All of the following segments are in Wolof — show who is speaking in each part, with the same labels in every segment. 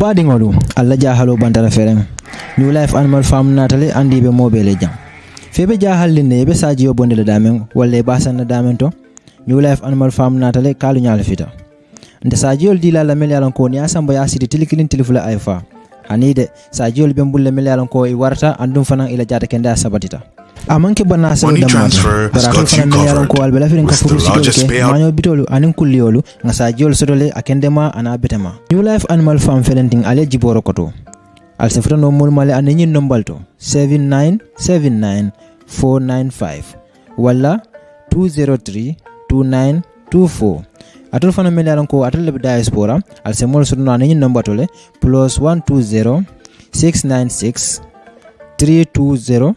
Speaker 1: baɗigol ɗum allah jahalo bantara
Speaker 2: ferem new life animal farm natale andiɓe mobele jaam feɓe jahallinde yeɓe saji yo bondele damen walla e basanna damen to new life animal farm natale kaluñala fita nde sajiyol dilala mel yalanko ni asamba yasidi tilikilin tilifula ay fa hanide sajiyol ɓe bulle mel yalanko i warata andum fanan ila jata kende a sabatita amanke bonna sebe damata bara ko fana me yaron ko albe lafirin ka furu sidol ke maño bitolu anin kulliyolu nga sa jol sodole a kendema ana betema new life animal farm felenting ale jiboro koto al se fotono mol male ane nyin nombal to 7979495 wala 203 2924 atol fana mel yaron ko atol le diaspora al se mol sodona ane nyin nomba tole plus 120 696 320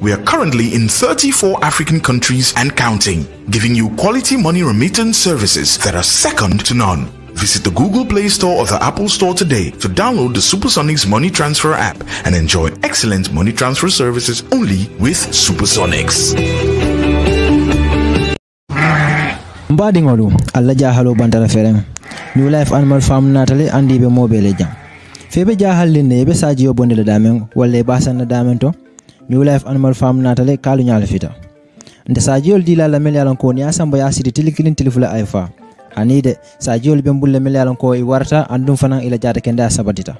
Speaker 1: we are currently in 34 African countries and counting, giving you quality money remittance services that are second to none. Visit the Google Play Store or the Apple Store today to download the Supersonics Money Transfer app and enjoy excellent money transfer services only with Supersonics.
Speaker 2: mbaadiŋolu alla jahalo bantara new life animal farm natale andi be mobile jam Febe, be jahallin ne be sajiyo bonde la damen e damen to mi wula f animal farm natale kalu ñaal fita nte sajiyol di la la mel yalan ko ni asambo ya siti tili kilin tili fula ay fa ani de sajiyol be bulle mel yalan ko i warta andum fana ila kende a sabatita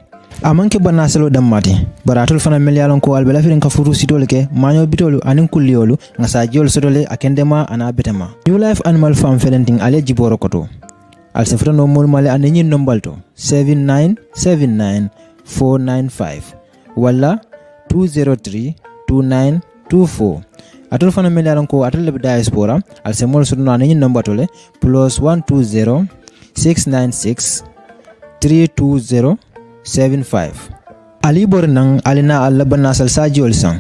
Speaker 2: amanke banna selo dammati baratul fanaŋ mel yalan ko albela firin ka furu sitol ke maño bitolu anin kulliyolu nga sajiyol sotole akendema ana betema new life animal farm felenting ale jiboro koto al sefra no mol male ane nyin nombal to 7979495 walla 203 2924 atol fana mel yaran ko atol lebe diaspora al se mol sunu nani nomba tole plus 120 696 320 75 bor nang alina al laban nasal sajiol sang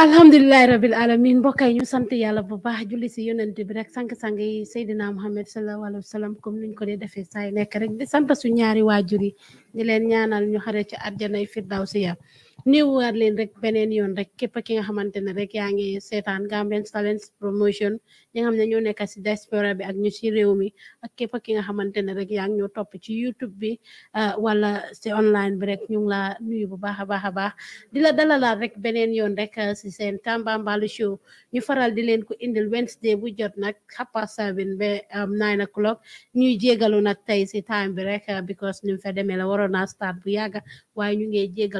Speaker 3: alhamdulilahi rabil alamin mbokk yi ñu sant yàlla bu baax julli si yonent bi rek sang-sang yi Seydina Muhammad sallallahu alayhi wa sallam comme ko dee defee saay nekk rek di sant su ñaari waajur yi di leen ñaanal ñu xare ci àjjanay firdaw si yàlla néewuwaat leen rek beneen yoon rek képp ki nga xamante ne rek yaa ngi seetaan Gambian Talents Promotion ñi nga xam ne ñoo nekk si diaspora bi ak ñu si réew mi ak képp ki nga xamante ne rek yaa ngi ñoo topp ci YouTube bi ah, wala si online bi rek ñu ngi laa nuyu bu baax a baax a baax di la dalalaat rek beneen yoon rek ah, si seen tambaam Tambambalu show ñu faral di leen ko indil Wednesday bu jot nag half past seven ba um, nine o'clock ñuy jégalu nag tey si time bi rek ah, because ni mu fa demee la waroon naa start bu yàgga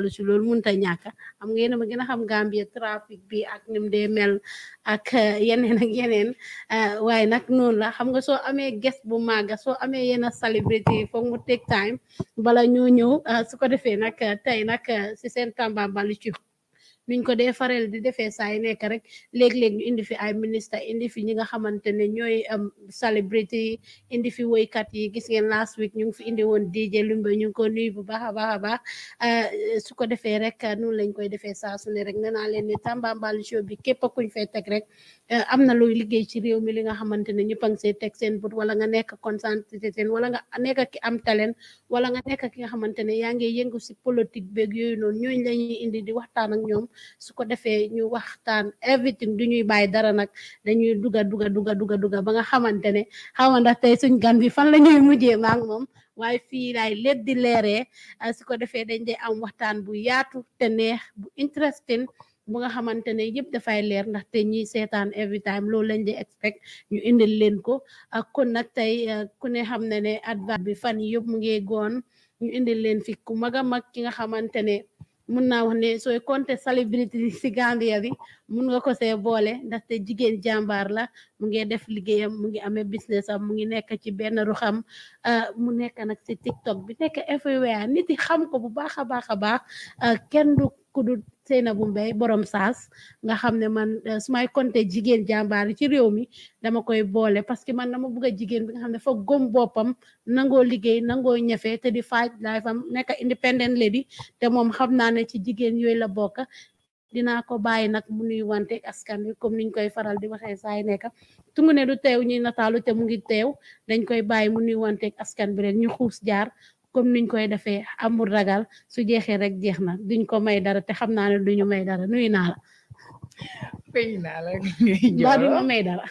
Speaker 3: ñu mënta ñàkk am nga yéen a ma gën a xam Gambia bi ak nim dee mel ak eh, yeneen ak yeneen eh, waaye nag noonu la xam nga soo amee guest bu màgga soo amee yenn célébrité foog mu take time bala ñoo ñëw eh, su ko defee nag tey nag si seen Tamba Mbali ci nuñ ko dee fareel di defee saa yu nekk rek léeg-léeg indi fi ay ministre indi fi ñi nga xamante ne ñooy um, celebrity yi indi fi woykat yi gis ngeen last week ñu ngi fi indi woon DJ Lumbe ñu ngi ko nuyu bu baax a baax a baax uh, su ko defee rek uh, noonu lañ koy defee saa su ne rek nee naa leen ne Tambambalu show bi képp kuñ fay teg rek uh, am na looy liggéey ci réew mi li nga xamante ne ñëpp a ngi see teg seen but wala nga nekk concentré seen wala nga nekk ki am talent wala nga nekk ki nga xamante ne yaa ngi yëngu si politique beeg yooyu noonu ñooñu la ñuy indi di waxtaan ak ñoom su ko defee ñu waxtaan everything du ñuy bàyyi dara nag dañuy duga dugga duga duga dugga ba nga xamante ne xaw ma ndax tey suñ gan bi fan la ñuy mujee maa ngi moom waaye fii laay lépp di leeree ah, su ko defee dañ dee am waxtaan bu yaatu te neex bu interesting bu nga xamante ne yëpp dafay leer ndaxte ñuy seetaan every time loolu lañ di expect ñu indil leen ko ak ah, kon nag tey ah, ku ne xam ne ne advert bi fan yëpp mu goon ñu indil leen fi ku mag mag ki nga xamante ne mun naa wax ne sooy compter célébrité si Gambia bi mun nga ko see boole ndaxte jigéen jàmbaar la mu ngi def liggéeyam mu ngi amee business mu ngi nekk ci benn ruxam ah, mu nekk nag si TikTok bi nekk everywhere nit yi xam ko bu baax a baax a baax ah, kenn du ku dul Sainabou Mbye borom saas nga xam ne man euh, su may compter jigéen jàmbaar ci réew mi dama koy boole parce que man dama bëgg a jigéen bi nga xam ne dafa gëm boppam nangoo liggéey nangoo ñëfe te di faaj life am nekk independent lady te moom xam naa ne ci jigéen yooyu la bokk dinaa ko bàyyi nag mu nuy wante askan wi comme niñ koy faral di waxee saay nekka tungu ne du teew ñuy nataalu te mu ngi teew dañ koy bàyyi mu nuy wante askan bi rek ñu xuus jaar comme niñ koy defee amul ragal su jeexee rek jeex na duñ ko may dara te xam naa ne duñu may dara nuyu naa la.
Speaker 4: fay naa may dara.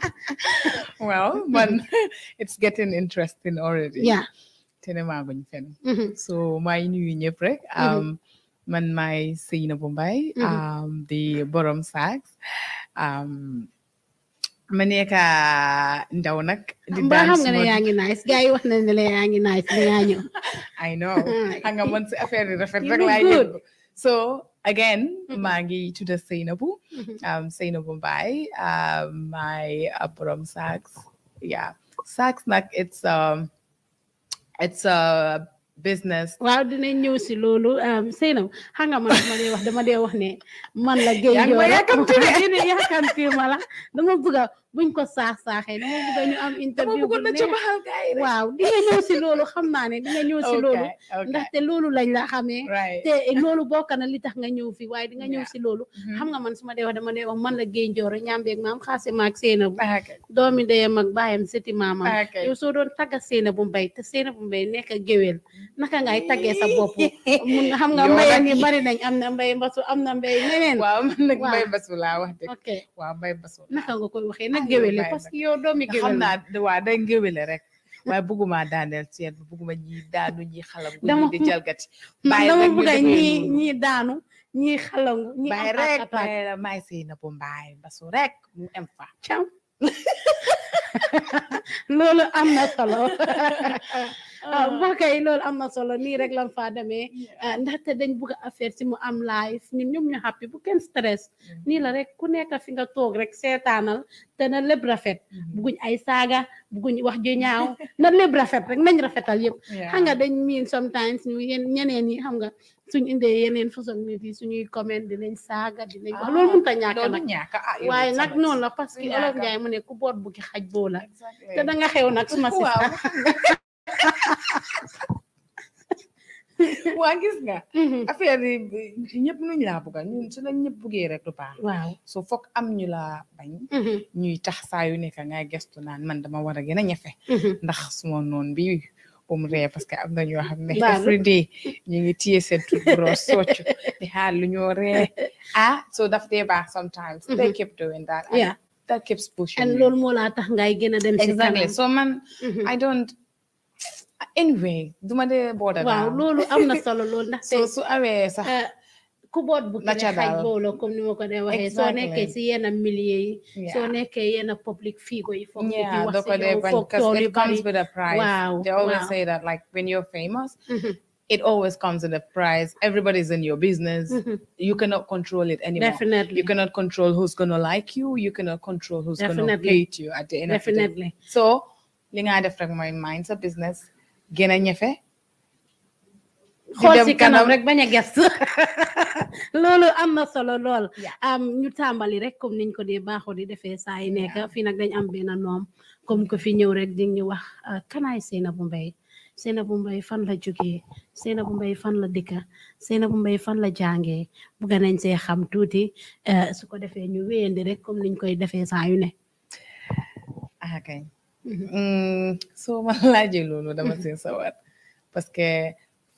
Speaker 4: waaw man it's getting interesting already. yeah te ne maa guñ fenn. Mm-hmm. so maa ngi nuyu ñëpp rek. Mm-hmm. Um, man maay Sainabou Mbye. Mm-hmm. Um, di borom sax. Um, ma ndaw nag. di daan nga
Speaker 3: nice gars wax nañ ne nice
Speaker 4: I know xam nga man affaire rafet rek laay dégg so again maa ngi tudd Seynabou. Mm-hmm. Um, Seynabou Mbaye um, my borom Saks yeah sax nag
Speaker 3: it's um it's a uh, business. waaw dina ñëw si loolu um, Seynabu xam nga man dama dee wax dama dee wax ne man la. géej yoo la ma la dama bëgg a buñ ko saax saaxee dama bëgg ñu am interview bu neex waaw di ñëw si loolu xam naa ne di nga ñëw si loolu ndaxte loolu lañ la xamee te eh, loolu bokk na li tax nga ñëw fi waaye di nga ñëw si loolu mm-hmm. xam nga man su ma dee wax dama dee wax man la géej njoor ñaambeeg maam xaase maag seena bu ah, doomi ndeyam ak baayam seti maamam ah, yow soo doon tagga seena bu mbay te seena bu mbay nekk géwél naka ngay taggee sa bopp mun nga xam nga mbayam yi na mbay mbasu am na mbay neneen waaw man na géwéle parce que
Speaker 4: yow doomi géwéle xam naa waa day géwéle rek waaye bëgguma daaneel seen bëgguma ñi daanu ñi xalangu ñi di jalgati dama bëgga ñi ñi daanu ñi xalangu ñi rek may sey bu mbaay
Speaker 3: basu rek mu em fa cam loolu am Ah. Ah, mbokk yi loolu am na solo nii rek lan faa demee ah, ndaxte dañ bugg affaire si mu am live ñun ñoom ñu happy bu kenn stress mm-hmm. nii la rek ku nekk fi nga toog rek seetaanal te na lépp rafet mm-hmm. buguñ ay saaga buguñ wax ju ñaaw na lépp rafet rek nañ rafetal yëpp xam nga dañ miin sometimes ñu ñeneen yi xam nga suñ indee yeneen façon nit yi suñuy comment nañ saaga dinañ wax loolu mënut a ñàkk nag waaye nag noonu la parce que olof Njaay mu ne ku boot bukki xaj boo la te da nga xew nag suma sista
Speaker 4: waa gis nga. Mhm. affaire yi ñëpp nuñ laa bëgg ñun su la ñëpp bëggee rek du baax. waaw so foog am ñu la bañ. Mhm. ñuy tax saa yu nekk ngay gestu naan man dama war a gën a ñefe. Mhm. ndax suma noon bi bu mu parce que am na ñoo xam every day ñu ngi téye seen
Speaker 3: toothbrush socc di xaar lu ñoo ree
Speaker 4: ah so daf dee sometimes. they keep doing that.
Speaker 3: that keeps pushing. and loolu moo laa tax ngay gën a dem si kanam so man.
Speaker 4: anyway duma dee booda waaw loolu am solo loolu ndaxte soo
Speaker 3: su amee sax eh, ku boot bu kii xaj boolo comme ni ma ko dee waxee soo nekkee si yenn milieu yi soo public figure yi foog nit ñi wax si yow foog tool yu bari waaw they always say
Speaker 4: that like when you're famous mm-hmm. it always comes at a price. Everybody's in your business. Mm -hmm. You cannot control it anymore. Definitely. You cannot control who's going to like you. You cannot control who's going to hate you at the end Definitely. of the day. So, linga def rek my mind's a business. gën a ñefe xool ci kanam rek
Speaker 3: bañ a gëstu loolu am na solo lool am ñu tàmbali rek comme niñ ko dee baaxoo di defee saa yi nekk fii nag dañ am benn noom comme ko fi ñëw rek di ñu wax euh, kanaay Sainabou Mbye Sainabou Mbye fan la jógee Sainabou Mbye fan la dëkka Sainabou Mbye fan la jàngee bugga nañ see xam tuuti euh, su ko defee ñu wéyandi rek comme niñ koy defee saa yu ne. Ah, Mm,
Speaker 4: soo ma laajee loolu dama seen sawar parce que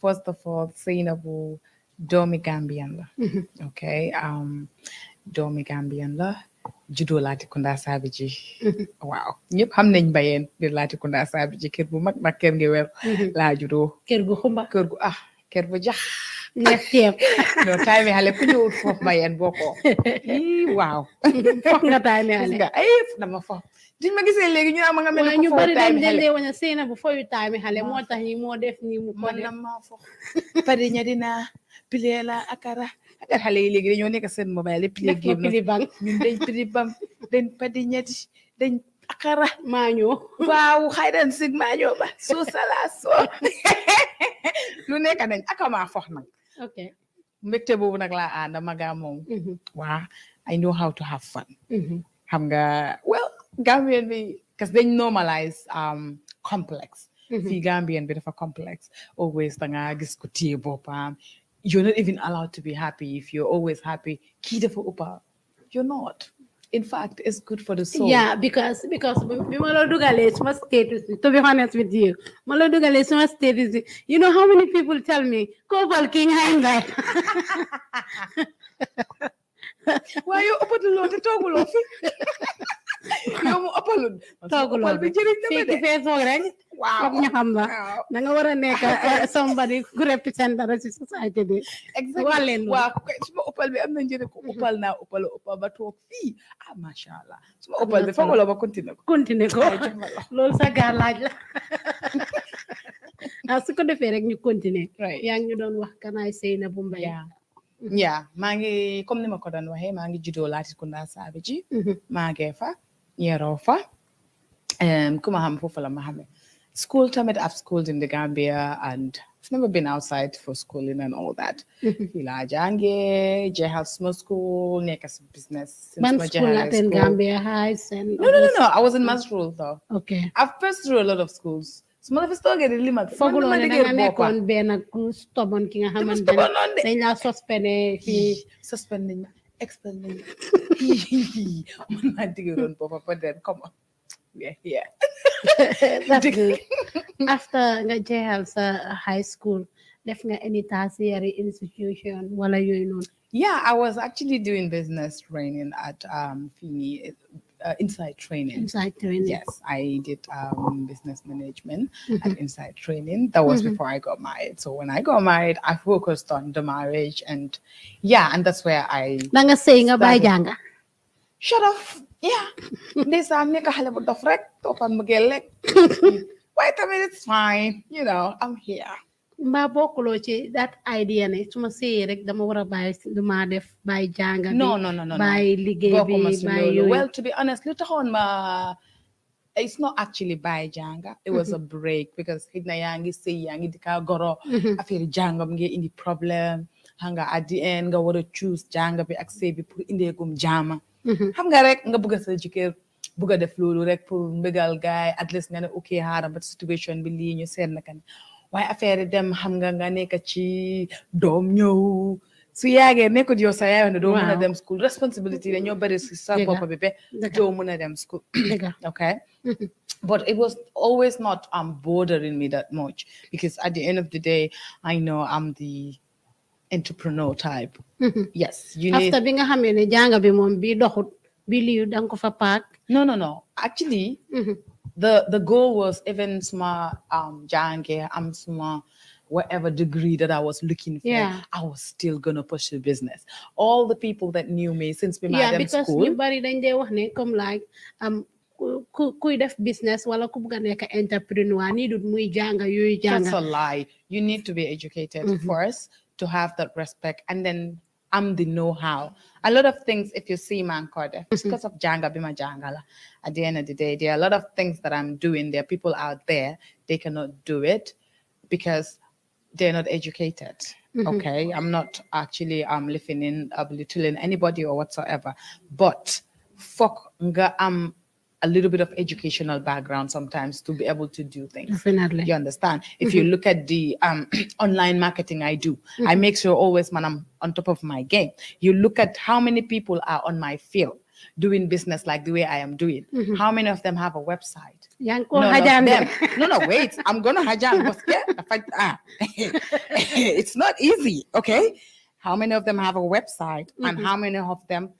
Speaker 4: first of all Sainabou doomi Gambian la mm-hmm. ok um, doomi Gambian la juddoo Latrikunda Sabiji mm-hmm. waaw ñëpp xam nañ mbayeen biir Latrikunda Sabiji kër bu mag mag kër ngi wel mm-hmm. laa juddoo kër gu xumba kër gu ah kër bu jax neex taay mi xale ku ñëwul foofu mbayeen boo ko waaw foog nga taay mi xale ay dama foog diñ
Speaker 3: ma gisee léegi ñu
Speaker 4: ama nga mel ni ku fooy time xale waaye
Speaker 3: ñu seen bu fooy time xale moo tax ñi moo def nii mu ko def man maa fo pare ña dina pilee la akara
Speaker 4: yi léegi dañoo nekk seen mobile pilee game ñun dañ pili bam dañ padi ñadi dañ akara maañoo waaw xay dan sig maañoo ba soo sala soo lu nekk nañ akamaa fox nag ok mbégte boobu nag laa ànd magaa moom mhm. waa I know how to have fun mhm. Gambian be because they normalize um complex. Mm-hmm. See Gambian bit of a complex. Always tanga diskutie bopam. You're not even allowed to be happy if you're always happy. Kita for upa.
Speaker 3: You're not. In fact, it's good for the soul. Yeah, because because my status. To be honest with you, my status. You know how many people tell me, "Go King Hindai." Why you open the door to talk yow mu ëppalul. tooguloo bi fii ci Facebook rek. waaw foog ñu la. war a nekk somebody ku represent dara si société bi. exactement
Speaker 4: waaw bi am na ah, njëriñ ko ëppal naa ëppal ëppal ba toog fii ah macha allah ba continuer ko. ko mm-hmm.
Speaker 3: loolu sa gaar laaj la. ah su ko defee rek ñu continuer. yaa ngi ñu doon wax kanaay Sainabou Mbye.
Speaker 4: yaa maa ngi comme ni ma ko doon waxee maa ngi juddoo Latrikunda Sabiji. maa mm-hmm. ngi fa. Year Yerofa. Um, School term at I've schooled in the Gambia and I've never been outside for schooling and all that. Ilajange, Jehal Small School, Nekas Business. Man school up in Gambia
Speaker 3: Heights and. No, no, no, no. I was in Masrule though. Okay. I've passed through a lot of schools. su ma la fi toogee di limat foog loolu ne danga nekkoon benn ku stubborn ki nga xamante ne dañ laa suspendé Suspended suspendé excellent
Speaker 4: on my digoron boba but then come on yeah yeah
Speaker 3: that's good after nga jeexal high school left nga any tertiary institution are you noonu
Speaker 4: yeah i was actually doing business training at um fini uh, Inside Training. Inside Training. Yes, I did um, business management mm-hmm. and Inside Training. That was mm-hmm. before I got married. So when I got married, I focused on the marriage and yeah, and that's where I. Mga saying about yanga. Shut up. Yeah. Nisam am nika halibut rek, topan magelek.
Speaker 3: Wait a minute, it's fine. You know, I'm here bokkuloo ci that idea ne su ma seeyee rek dama war a bàyyi lu ma def bàyyi jànga bi non non non bàyyi liggéey bi bàyyi yooyu well to be honest li taxoon ma it's not actually by janga it was
Speaker 4: a mm-hmm. break because hidna yangi say yangi dika goro mm-hmm. affaire janga ngi indi the problem hanga at the end nga wara choose janga bi ak be bi pour inde gum jama mm-hmm. xam nga rek nga bëgg sa jikër bëgg def lolu rek pour mbegal gaay at least nga ne okay hara but situation bi li ñu seen nakane waaye affaire dem xam nga nga nekk ci doom ñëw su yaagee nekkul yow sa yaay ne doo mën a dem school responsibility dañoo bëri si sa bopp bi be doo mën a dem school okay mm-hmm. but it was always not um bothering me that much because at the end of the day I know I'm the entrepreneur type mm-hmm. yes you need after bi
Speaker 3: nga xamee ne jàng bi moom bi doxut bi liyu danga ko fa paak no no no actually mm-hmm the the goal was even
Speaker 4: small um I'm small whatever degree that I was looking for, yeah. I was still gonna push the business. All the people that knew me since we yeah, because school. Yeah,
Speaker 3: because dañ like um ku kuy def business wala ku bëgg nekk entrepreneur ni dut muy janga That's a
Speaker 4: lie. You need to be educated mm -hmm. first to have that respect and then am the know-how a lot of things, if you see Mankorde, eh, it's mm-hmm. because of Janga Bima Jangala. At the end of the day, there are a lot of things that I'm doing. There are people out there, they cannot do it because they're not educated. Mm -hmm. Okay. I'm not actually i um living in belittling uh, anybody or whatsoever. But fuck nga am um, a little bit of educational background sometimes to be able to do things. Definitely. You understand? If mm-hmm. you look at the um, online marketing I do, mm-hmm. I make sure always when I'm on top of my game, you look at how many people are on my field doing business like the way I am doing. Mm-hmm. How many of them have a website?
Speaker 3: Yang no, them. no,
Speaker 4: no, wait. I'm gonna hijack. it's not easy, okay? How many of them have a website and mm-hmm. how many of them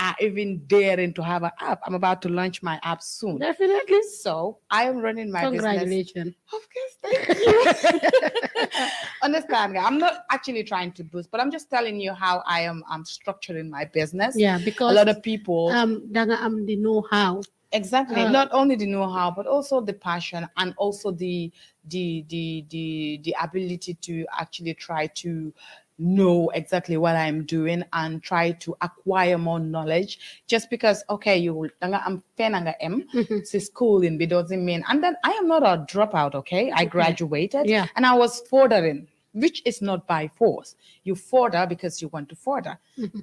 Speaker 4: are even daring to have an app. I'm about to launch my app soon. Definitely. So I am running my Congratulations.
Speaker 3: business. Congratulations.
Speaker 4: Of course, thank you. Understand, I'm not actually trying to boost, but I'm just telling you how I am I'm um, structuring my business. Yeah, because a lot of
Speaker 3: people um I'm um, the know-how. Exactly. Uh, Not
Speaker 4: only the know-how, but also the passion and also the the the the the ability to actually try to know exactly what I'm doing and try to acquire more knowledge. Just because, okay, you I'm Fenanga M, it's mm-hmm. school in doesn't mean and then I am not a dropout, okay? I graduated yeah. and I was fordering, which is not by force. You further because you want to further. Mm-hmm.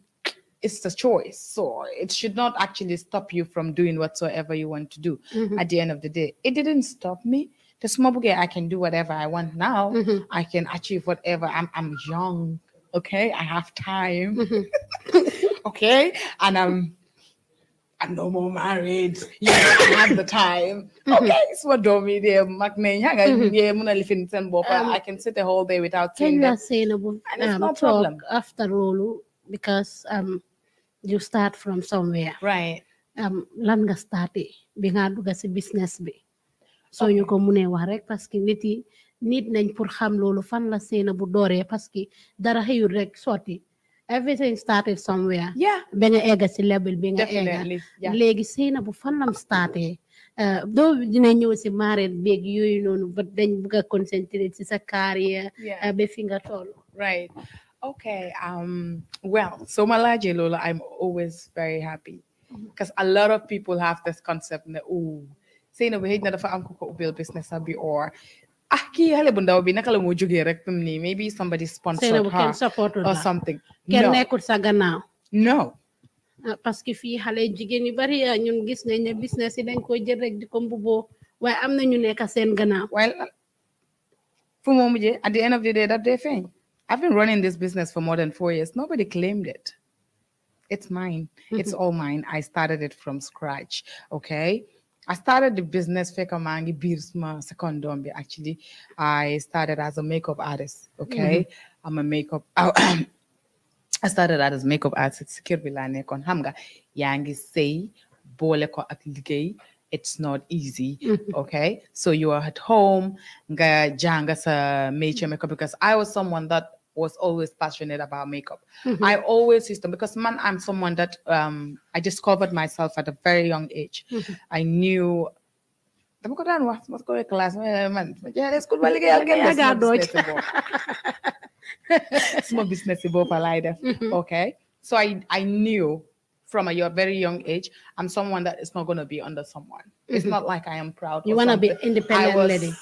Speaker 4: it's a choice. So it should not actually stop you from doing whatsoever you want to do mm -hmm. at the end of the day. It didn't stop me. The small book, I can do whatever I want now. Mm -hmm. I can achieve whatever. I'm, I'm young okay, I have time. Mm-hmm. okay. And I'm I'm no more married. You I have the time. Mm-hmm. Okay, it's what do me there, Macne. Mm-hmm. Um, I can sit the whole day without saying that.
Speaker 3: Saying about, not it's um, no problem. After all, because um, you start from somewhere. Right. Um, lan nga starté bi business be. So you ko mëne wax rek parce que nit yi nit nañ pour xam loolu fan la seena bu dooree parce que dara xëyul rek sotti everything started somewhere ba nga egga si level bi nga egga léegi seena bu fan lam starte. Euh, doo dina ñëw si maareet beeg yooyu noonu ba dañ bëgg a concentré si sa carrière euh, ba fi nga toll
Speaker 4: right okay um well so ma laajee loolu I'm always very happy because mm-hmm. a lot of people have this concept ne oh Seynabou xëy na dafa am ko ko ubbil business bi or Aki ah, hale bunda obi nakala moju gerek tumni. Maybe somebody sponsored Say, her can support
Speaker 3: or something. Can no. could saga now? No. Ah, paski fi fii xale jigéen yu bari ñun ah, gis nañ ne business yi dañ koy jël rek di ko mbuboo waaye am na ñu nekk seen gannaaw. waaye
Speaker 4: fu mu mujjee at the end of the day that day feeñ. I've been running this business for more than four years. Nobody claimed it. It's mine. It's mm-hmm. all mine. I started it from scratch. Okay. I started the business Fekamangi Birsma dombi. Actually, I started as a makeup artist. Okay, mm-hmm. I'm a makeup. I, I started out as makeup artist. Kirbilane kon hamga yangi say bole ko atligay. It's not easy, mm-hmm. okay? So you are at home, nga janga sa major makeup because I was someone that was always passionate about makeup. Mm-hmm. I always used to because man, I'm someone that um, I discovered myself at a very young age. Mm-hmm. I knew dama ko daan Must go to class man jeere school ba liggéeyal business bopp sama business bopp mm-hmm. okay so i i knew from a your very young age i'm someone that is not going to be under someone mm-hmm. it's not like i am proud you want to be independent I was lady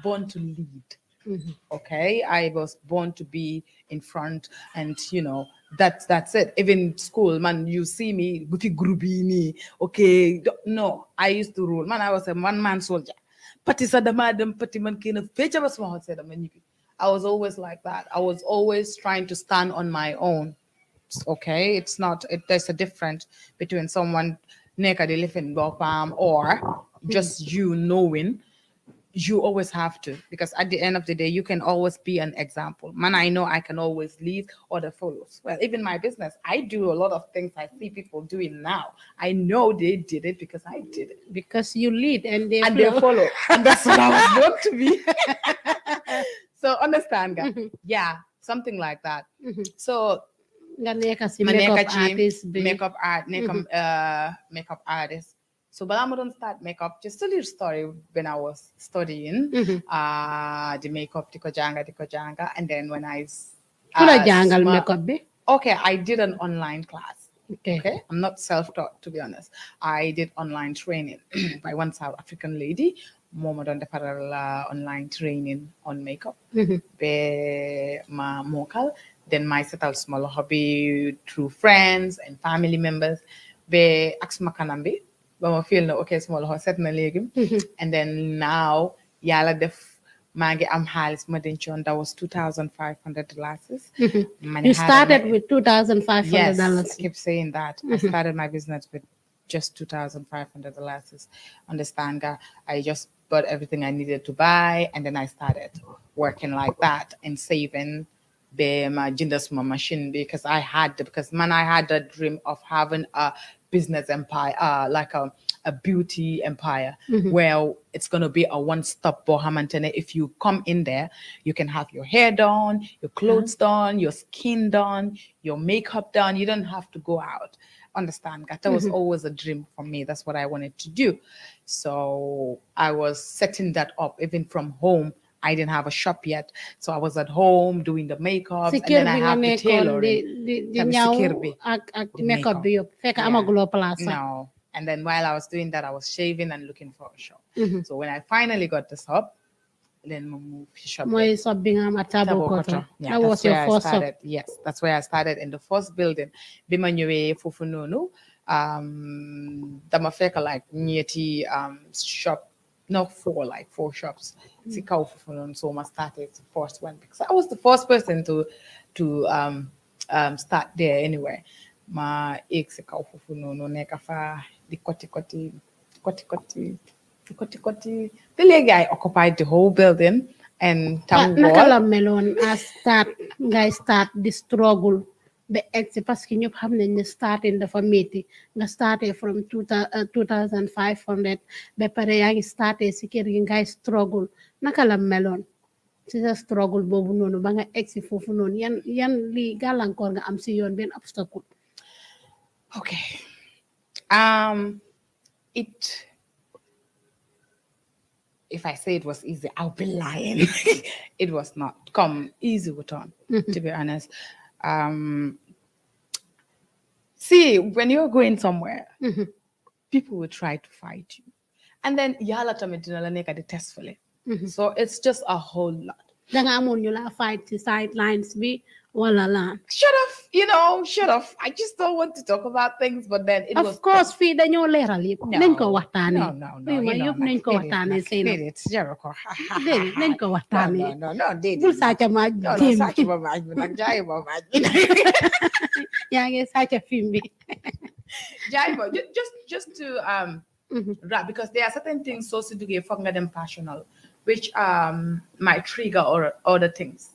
Speaker 4: born to lead Mm-hmm. Okay, I was born to be in front, and you know that's that's it. Even school, man, you see me guti grubini. Okay, no, I used to rule. Man, I was a one man soldier. Pati sadama dem pati man kina fecha was I was always like that. I was always trying to stand on my own. Okay, it's not. It, there's a difference between someone naked living in or just you knowing you always have to because at the end of the day you can always be an example man i know i can always lead other follows well even my business i do a lot of things i see people doing now i know they did it because i did it because you lead and they and follow, they follow. and that's what i was born to be so understand guys. Mm-hmm. yeah something like that mm-hmm. so
Speaker 3: makeup, makeup artist, makeup
Speaker 4: art, makeup, mm-hmm. uh, makeup artist, so Balamudon started makeup just a little story when I was studying mm-hmm. uh, the makeup, the kojanga, the kojanga. And then when I... Uh, sma- makeup be? Okay, I did an online class. Okay. okay. I'm not self-taught, to be honest. I did online training by one South African lady momo don defaral uh, online training on makeup mm-hmm. be ma mokal then my settle small hobby through friends and family members be ax makanambi but I feel no ok small loxo set my léegi mm-hmm. and then now yala def maa am halis ma dencoon that was two thousand five hundred dollars
Speaker 3: mm-hmm. you started with two thousand five hundred dollars yes I keep saying that I mm-hmm.
Speaker 4: started my business with just two thousand five hundred dollars understand nga I just bought everything I needed to buy and then I started working like that and saving be my jënd suma machine because I had because man I had a dream of having a business empire, uh, like a, a beauty empire, mm-hmm. where it's going to be a one stop Bohamantene. If you come in there, you can have your hair done, your clothes uh-huh. done, your skin done, your makeup done. You don't have to go out. Understand? That mm-hmm. was always a dream for me. That's what I wanted to do. So I was setting that up even from home I didn't have a shop yet, so I was at home doing the makeup. and then I have the tailoring. Di,
Speaker 3: di, No.
Speaker 4: And then while I was doing that, I was shaving and looking for a shop. Mm -hmm. So when I finally got the shop, then we moved shop. My
Speaker 3: shop being a at Tabo Koto. Yeah, that was your first shop.
Speaker 4: Yes, that's where I started in the first building. Bimanyue Fufununu. Um, Damafeka like Nyeti um, shop not four, like four shops. Mm. Sika so I started the first one because I was the first person to to um, um start there anyway. Ma ik sika no nekafa the koti koti koti koti the I occupied the whole building and town melon
Speaker 3: start guys start the struggle ba egg si parce que ñëpp xam nañ start in the family. nga started from uh, two thousand five hundred ba pare started, ngi starté si kër gi ngay struggle naka la meloon si sa struggle boobu noonu ba nga egg si foofu noonu yan li lii gàllankoor nga am si yoon benn obstacle ok um it
Speaker 4: if I say it was easy, I'll be lying. it was not. Come easy with on, mm -hmm. to be honest um, see, when you're going somewhere, mm -hmm. people will try to fight you. And then yala tamit dina la the detestfully. Mm-hmm.
Speaker 3: So it's just a whole lot. I'm on your fight to sidelines me. Walala. Should have, you know, shut up! I just don't want to talk about things, but then it of was. Of course, tough. fida nyo lera li. No, Nenko watani. No, no, no. Iwa yup nenko watani sino. Did it, Jericho. Did it, nenko watani. No, no, no, no, no, no, no, no, No, no, no, cha majin. Nagjaya ba majin. Yange sa cha fimbi.
Speaker 4: Jaibo, just, just to um, mm-hmm. wrap, because there are certain things so siduge fogna them passional, which um might trigger or other things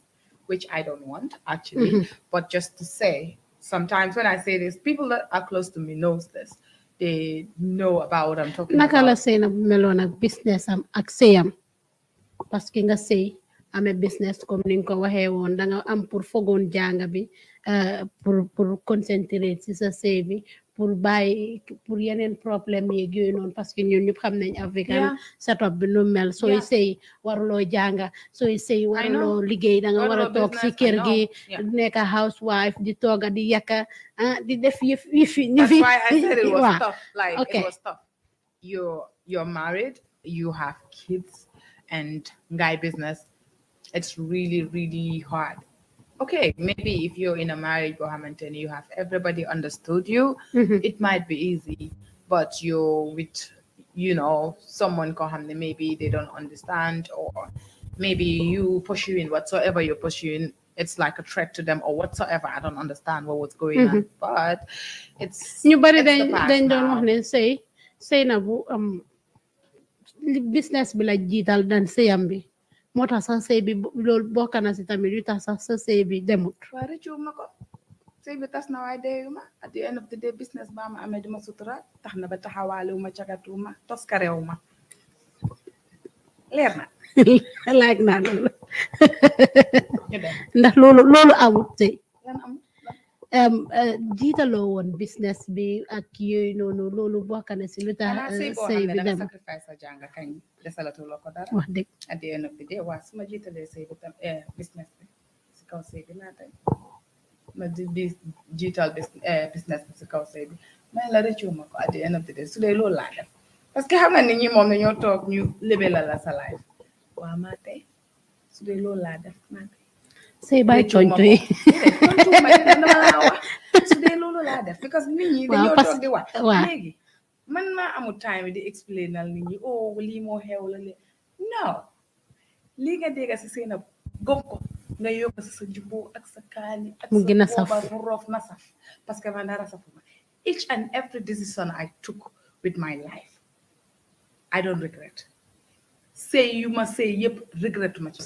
Speaker 4: which I don't want actually. Mm-hmm. But just to say, sometimes when I say this, people that are close to me knows this. They know about what I'm talking like about. Like
Speaker 3: I was saying, I'm business. I'm axiom. parce que nga sëy amee business comme ni nga ko waxee woon da am pour fogoon jàng bi euh, pour pour concentrer sa sëy pour bàyyi pour yeneen problème yeeg yooyu noonu parce que ñun ñëpp xam nañ african setup bi nu mel sooy sëy waruloo jànga sooy sëy waruloo liggéey da nga war a toog si kër gi nekk housewife di tooga di yàkka ah di def yëf yëf ñifi waaw ok
Speaker 4: you're you're married you have kids and guy business it's really really hard okay, maybe if you're in a married government and you have everybody understood you, mm-hmm. it might be easy. But you're with, you know, someone Kohamne, maybe they don't understand, or maybe you pursuing whatsoever you're pursuing, it's like a threat to them or whatsoever. I don't understand what was going mm-hmm. on, but it's.
Speaker 3: You better then then don't want to say say na um business be like digital than say be. moo tax sax sëy bi loolu bokk na si tamit yu tax sax sa sëy bi demut
Speaker 4: waaye rëccu ko sëy bi tas na waaye deeyu ma at the end business baa ma amee dima sutura tax na ba taxawaalewu ma cagatu ma toskarewu ma leer na
Speaker 3: laaj naa ndax loolu loolu amut sëy Um, uh, jiitaloo woon business bi ak yooyu noon loolu bokk na si lu tax uh, bi dem
Speaker 4: sacrifice a jàng kañ desalatuloo ko dara wax dëgg at the end of the waa su ma jiitalee sëy bi tam business eh, bi si kaw business bi si kaw sëy bi may eh, la rëccuuma ko at the end of su dee loolu def parce que xam na nit ñi moom dañoo toog ñu lébé la la waa maa su dee loolu laa def
Speaker 3: Say bye, Chonchoy.
Speaker 4: Today, loolu laa because nit ñi dañoo toog di wax man maa amu time di explain. nit ñi oh no si seen a gom ko sa juboo ak sa kaani sa each and every decision I took with my life I don't regret sëy yu ma sëy yëpp regrettu ma ci.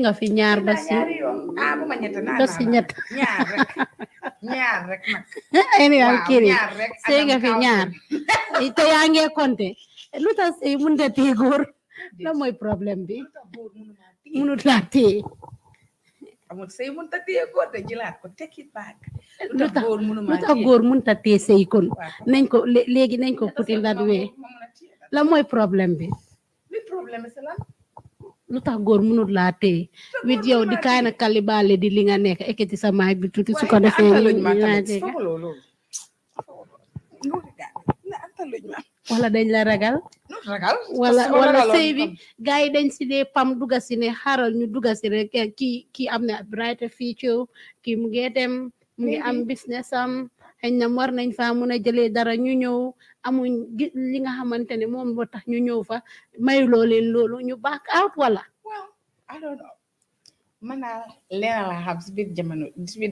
Speaker 4: nga fi ñaar ba si. ah si ñett. ñaar
Speaker 3: rek
Speaker 2: ñaar rek nga fi
Speaker 3: ñaar. te yaa ngi compté lu tax sëy mun nga téye góor lan mooy problème bi munut laa téye.
Speaker 4: amul sëy mun ta téye
Speaker 3: mun ta téye sëy kon nañ ko ko putin that way. lan moy problème bi.
Speaker 4: li problème c'est si lan.
Speaker 3: lu tax góor mënul laa wit yow di kayna na di li nga nek ekkati sa maay bi tuti su ko defee ñu laajee wala dañ la ragal wala wala sey bi gaay dañ ci dé pam duga ci né xaaral ñu duga ci rek ki ki amna brighter future ki mu ngi dem mu ngi am business am xëy na war nañ faa mun a jëlee dara ñu ñëw amuñ li nga xamante ne moom moo tax ñu ñëw fa mayuloo leen loolu ñu baax out wala. waaw
Speaker 4: alors man naa ah,
Speaker 3: leen la xam si biir
Speaker 4: jamono si bi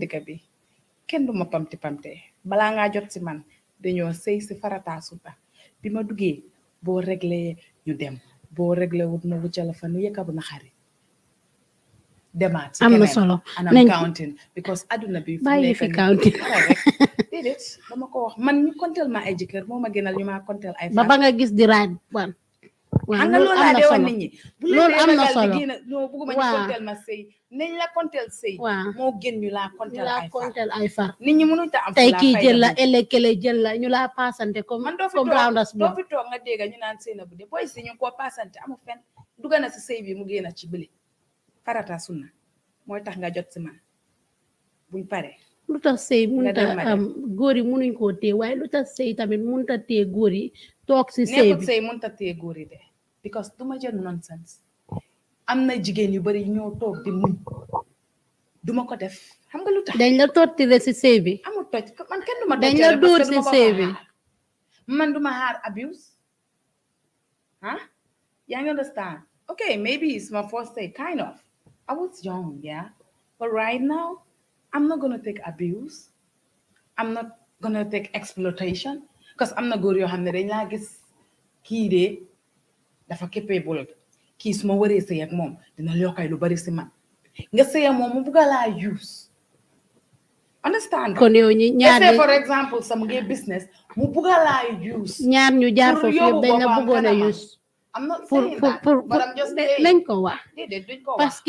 Speaker 4: kenn du ma pamti pamte balaa ngaa jot si man dañoo sëy si farataa suba bi ma duggee boo réglé ñu dem boo réglé wut ma wucca la fa nu yëkkabu na xarit demaat am na solo nañ counting because adduna bi bàyyi fi counting déedéet dama ko wax man ñu kontel ma ay jëkkër moo ma gënal ñu ma kontel ay ba ba nga gis di raad wan waaw loolu am na am na solo waaw bëgguma ñu kontel ma sëy nañ la kontel sëy waaw moo gën
Speaker 3: ñu laa kontel ay far kontel ay far nit ñi mënuñ ta am tey kii jël la ëllëg kële jël la ñu laa paasante comme man doo fi
Speaker 4: toog nga dégg ñu naan na bu dee booy si ñu koo fen dugg na si sëy bi mu génn ci bële farata sunna mooy tax nga jot si man buñ
Speaker 3: pare lu sëy munta am góor yi munuñ koo téye waaye lu tax sëy tamit munta téye góor yi toog sëy bi sëy
Speaker 4: munta téye góor de
Speaker 3: because du jël
Speaker 4: nonsense am na yu bari ñoo toog di muñ duma ko def xam nga lu
Speaker 3: dañ la tottile si sëy bi
Speaker 4: amul toj man kenn duma dañ la dóor si sëy bi man duma xaar abuse ah yaa understand ok maybe it's my first day kind of I was young, yeah. But right now, I'm not gonna take abuse. I'm not gonna take exploitation because i am not going to xam ne dañ laa gis kii de dafa capable kii su ma say, "Mom, ak moom dina yokkay lu bari si man nga say, ak moom mu bugg a use understand Let's say for example some gay business
Speaker 3: mu bugg use ñaar ñu jaar foofu yëpp use I'm not pour, saying for, that, for, but I'm just saying.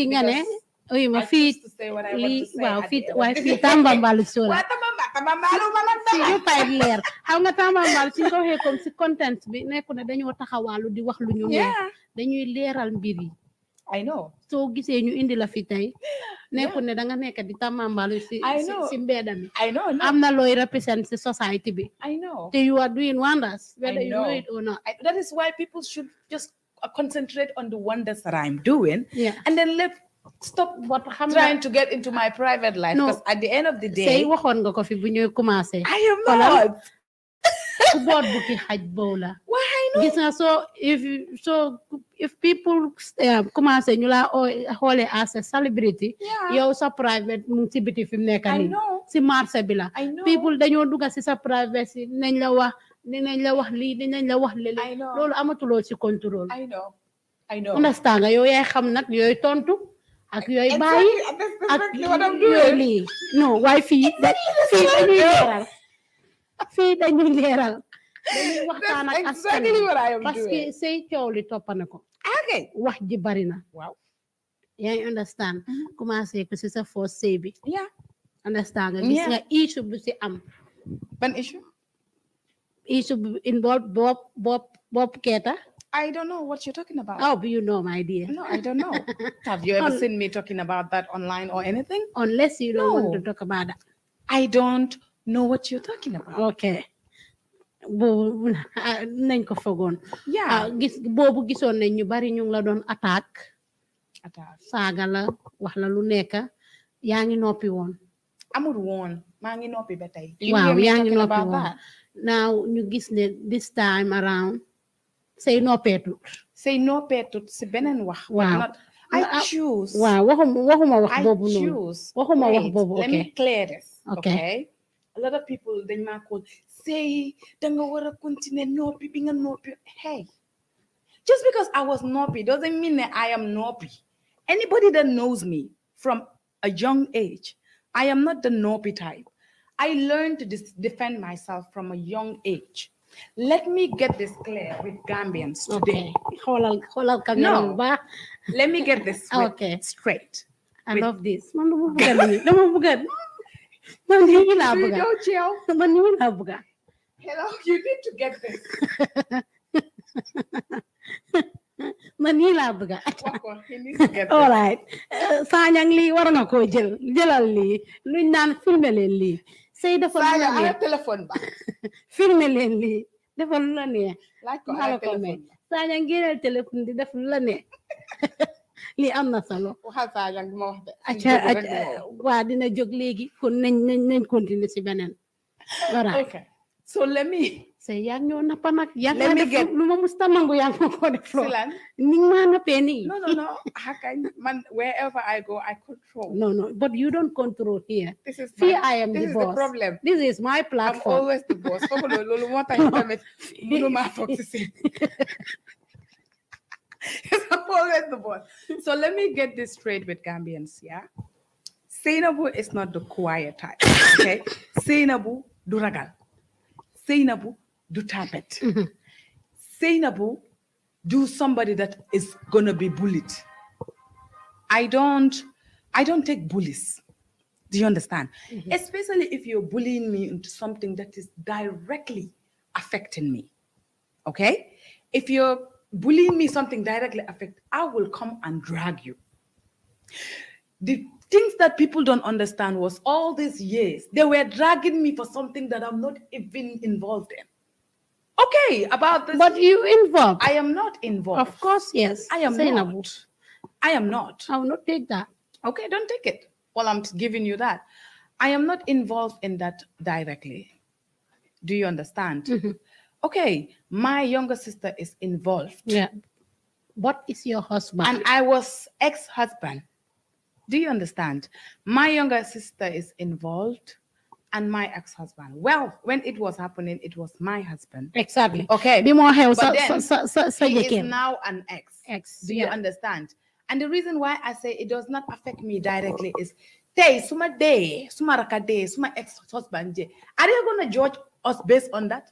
Speaker 4: nga ne ma li waaw fit, waaye fit Tambambalu soo la
Speaker 3: si ñu pay leer xaw nga Tambambalu si ko waxee si content bi di wax lu ñu dañuy I know So gisee nyo indi la fitay. I ne da nga nekk di tamambalu si si I know am na looy represent the society bi
Speaker 4: I know te you
Speaker 3: are doing wonders whether you know it
Speaker 4: or not that is why people should just uh, concentrate on the wonders
Speaker 3: that I'm doing
Speaker 4: and then let stop what I'm trying to get into my private life because
Speaker 3: at the end of the day say waxoon nga ko fi bu ñuy I am not noonu. gis so if soo if people um, commencé ñu la xoolee oh, as a celebrity. yow sa private mu ngi si biti I know. nekk nii. si marché bi la. people dañoo dugg si sa private si nañ la wax dinañ la wax lii dinañ la wax lële. loolu amatuloo si control. I know I know understand nga yow yaay xam nag yooyu tontu. ak yooyu bàyyi ak yooyu lii non waaye fii fii dañuy leeral fii dañuy leeral. Exactly what I am parce que say coow li toppa na ko wax ji bari na waaw yaa ngi understand mm-hmm. commencé ko si sa force sëy bi yaa understand Yeah. gis nga issue bu si am ban issue issue bu involve Bob. Bob. bopp keeta I don't know what you're talking about. How oh, do you know, my dear? No, I don't
Speaker 4: know. Have you ever seen me talking about that online or anything? Unless you don't no. want to
Speaker 3: talk about that. I don't know what you're talking about. Okay. boobu nañ ko fogoon ah, bobu gisoon nañ ñu bari ñu la doon attaque saaga la wax la lu nekk yaa ngi noppi woon
Speaker 4: maa ngi noppi ba tey waaw yaa ngi noppi woon
Speaker 3: naaw ñu gis ne this time around say noppeetut say noppeetut si beneen wax ah, ah, waaw waxuma wax boobu noonu waxuma wax boobu
Speaker 4: ok a lot of people they might call say danga war a continuer noppi bi hey just because I was noppi doesn't mean that I am noppi anybody that knows me from a young age I am not the noppi type I learned to defend myself from a young age let me get this clear with Gambians today. Okay. Hold on, hold on, No.
Speaker 3: Let me get this ah, okay. straight. I with... love this. man nii laa bëgg a ci yow man nii laa bëgg a hello you man nii laa bëgg a all war nga koo jël jëlal lii luñ naan filmer leen lii sey dafa lu la neex
Speaker 4: la ko ala téléphone
Speaker 3: Sanyang génneel téléphone di def lu lii so let me say yaa ñoo nappa nag Let me get. no no
Speaker 4: no man wherever I go I control no
Speaker 3: no but you don't control here this is my, I am this the is the problem this is my platform I'm always the
Speaker 4: boss It's always the boss. So let me get this straight with Gambians, yeah? Sainabu is not the quiet type, okay? Sainabu do ragal. Sainabu du tapet. Mm do somebody that is gonna be bullied. I don't, I don't take bullies. Do you understand? Mm -hmm. Especially if you're bullying me into something that is directly affecting me. Okay? If you're bullying me something directly affect i will come and drag you the things that people don't understand was all these years they were dragging me for something that i'm not even involved in okay about this but you involved i am not involved of course yes i am Say not i am not i will not take that okay don't take it well i'm giving you that i am not involved in that directly do you understand mm -hmm. okay my younger sister is involved. Yeah. What is your husband? And I was ex husband. Do you understand? My younger sister is involved and my ex-husband. Well, when it was happening, it was my husband.
Speaker 3: Exactly. Okay. Be more help. But then so, so, so, he is
Speaker 4: now an ex. Ex. Do yeah. you understand? And the reason why I say it does not affect me directly is day, suma day, suma raka day, suma ex-husband. Are you gonna judge us based on that?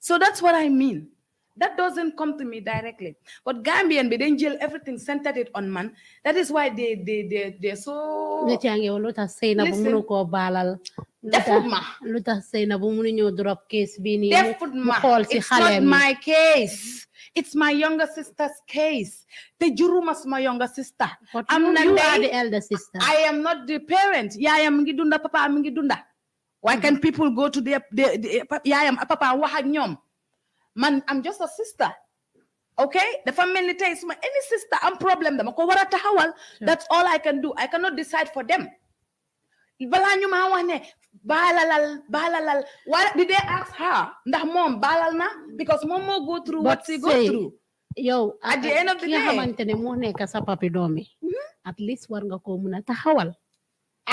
Speaker 4: so that's what I mean that doesn't come to me directly but Gambian bi dañ everything centered it on man that is why they they they they so. nga caa
Speaker 3: yow lu tax sëy na bu munu koo it's not my
Speaker 4: case. It's my younger sister's case. The Jurumas my younger sister. But I'm you, are the elder sister. I am not the parent. Yeah, I am Ngidunda, Papa, I'm Ngidunda. Why mm-hmm. can people go to their, their, their yaayam papa wax ak man I'm just a sister okay the family ni tey any sister i am problème dama ko war a that's all I can do I cannot decide for them balaa ñu maa wax why did they ask her The mom. Balalna. because moom moo go through what she go through
Speaker 3: Yo, at the end of the day mm-hmm. at least war nga ko mun a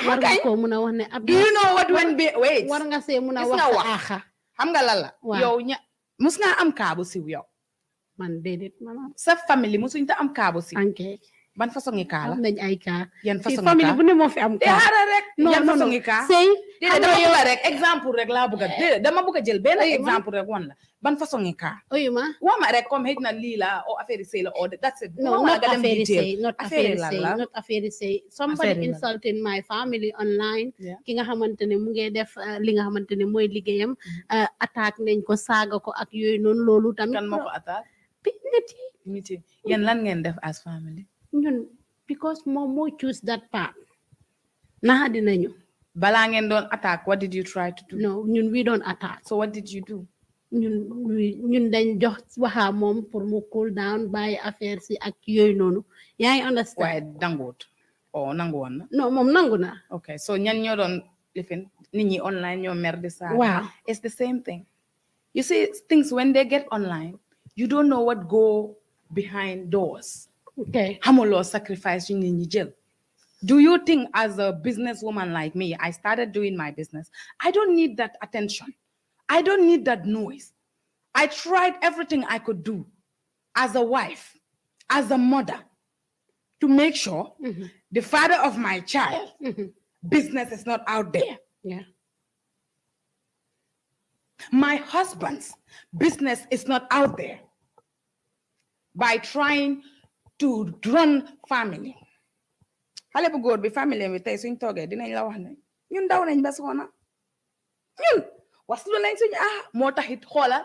Speaker 3: war nga koo mun a wax ne ab do you know what when be wait war nga see mun a wax aaxa xam nga lan la yow ña mus nga am kaabu siw
Speaker 4: yow man déedéet mama sa famille musuñ ta am kaabu siw ban façon ngi kaa la ay kaa yan façon ngi kaa famille bu ne moo fi am kaa xaaral rek exemple rek laa bëgg a dama bëgg a jël benn exemple rek wan la ban façon ngi kaa
Speaker 3: oyuma waa ma rek comme na lii la o oh, affaire sëy la o oh, that's it no not affaire sëy not affaire sëy not affaire sëy somebody insulting family online ki nga xamante ne mu ngi def uh, li nga xamante ne mooy liggéeyam mm-hmm. uh, attaque nañ ko saaga ko ak yooyu noonu loolu tamit kan moo ko attaque
Speaker 4: lan ngeen def as family
Speaker 3: ñun because moom chose choose that path naxadi nañu balaa ngeen doon attack what did you try to do no ñun we don't attack so what did you do ñun ñun dañ jox waxaa mom pour mu cool down by affaire si ak yooyu noonu yaa ngi understand Why
Speaker 4: danguwut Or oh, nangu woon No, non moom na ok so ñan ñoo doon lifin nit ñi online ñoo mer di it's the same thing you see things when they get online you don't know what go behind doors okay xamuloo sacrifice yu nit ñi do you think as a businesswoman like me I started doing my business I don't need that attention I don't need that noise I tried everything I could do as a wife as a mother to make sure mm-hmm. the father of my child mm-hmm. business is not out there yeah my husband's business is not out there by trying to run family xale bu góor bi famille bi tey suñ toogee dinañ la wax ne ñun ndaw nañ ba soona ñun waslu nañ suñ ah moo taxit xoola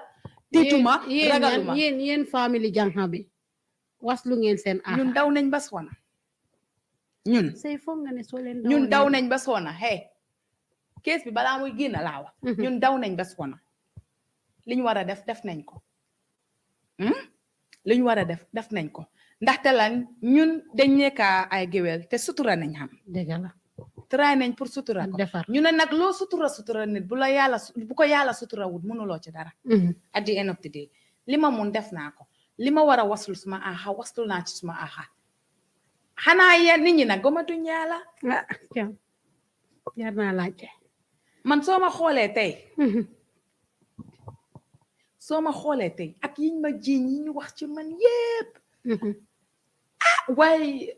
Speaker 4: tiituma ragaluma yéen
Speaker 3: yéen famille jànxa bi waslu ngeen seen ah daw nañ ba soona ñun say foog nga ne soo ñun daw nañ ba soona hey kees bi balaa muy
Speaker 4: génn laa wax mhm. ñun daw nañ ba soona liñ war a def def nañ ko hmm? liñ war a def def nañ ko ndaxte lan ñun dañ nekkaa ay géwél te sutura nañ xam dëgg la tray nañ pour sutura ko ñu ne nag loo sutura sutura nit bu la yàlla ko yàlla sutura wut mënuloo ci dara mm-hmm. at the end of the day li ma mun def naa ko li ma war a wasul suma axa wasul naa ci ya nit ñi nag gomatuñ yàlla ah, jar naa laajte man soo ma xoolee tey mm-hmm. soo ma xoolee tey ak yiñ ma jiiñ yi ñu wax ci man mm-hmm. waaye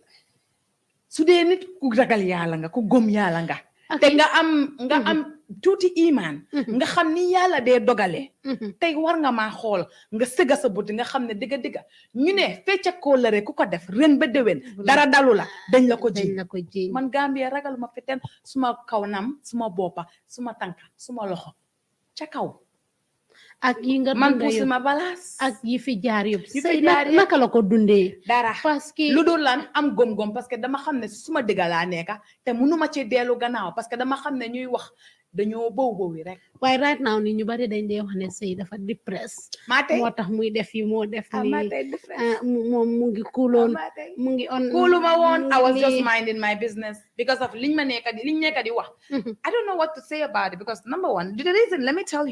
Speaker 4: su dee nit ku ragal yàlla nga ku gom yàlla nga te nga am nga mhm. am tuuti imaan mhm. nga xam ni yàlla dee dogale mhm. tey war nga maa xool nga sëga sa buti nga xam ne digga digga ñu ne fecca kóllëre ku ko def ren ba déwén dara dalu la dañ la ko ji man Gambia ragal ma fiten suma kaw nam suma boppa suma tànka
Speaker 3: suma loxo ca kaw ak yi nga man puusuma
Speaker 4: balaas ak yi fi jaar yëpp say naka
Speaker 3: la ko dundee
Speaker 4: dara parce que lu doon lan am gom-gom parce que dama xam ne suma dëgga laa nekka te mënuma ci dellu gannaaw parce que dama xam ne ñuy wax dañoo
Speaker 3: bow bowi rek waaye right now ni ñu bari dañ dee wax ne sëy dafa depress moo tax muy def yi moo def ni ah, moom ah, mu ngi kuuloon ah, mu ngi on kuuluma woon I was just minding
Speaker 4: my business because of liñ ma nekka di liñ nekka di wax mm-hmm. I don't know what to say about it because number one the reason let me tell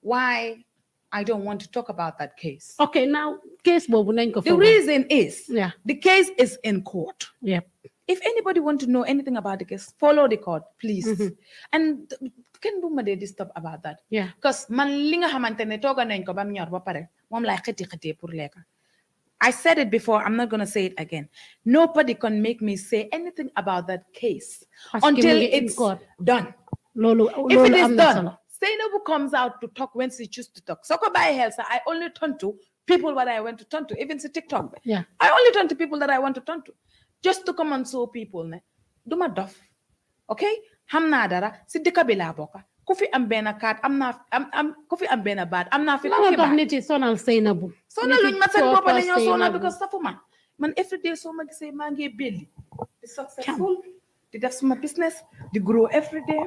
Speaker 4: why I don't want to talk about that case. Okay, now case The reason is yeah. the case is in court. Yeah. If anybody want to know anything about the case, follow the court, please. Mm -hmm. And can bu ma disturb about that. yeah because man li nga xamante ne tooga ba mu ñor ba pare moom laay xëti xëtee I said it before I'm not gonna say it again nobody can make me say anything about that case until it's done
Speaker 3: Lolo. loolu am if it is done
Speaker 4: Zainabu comes out to talk when she chooses to talk. So by Helsa, I only turn to people that I want to turn to, even si TikTok. Yeah. I only turn to people that I want to turn to. Just to come and show people do my dof. Okay? Hamna dara, si dikabila boka. ku fi am benn kaat am naa am am ku fi am benn baat am naa fi. ku fi baat nit yi sonal Sainabou. sonaluñ ma seen bopp dañoo sonal because safuma man every day soo ma say, maa ngi belli di successful di def suma business di grow every day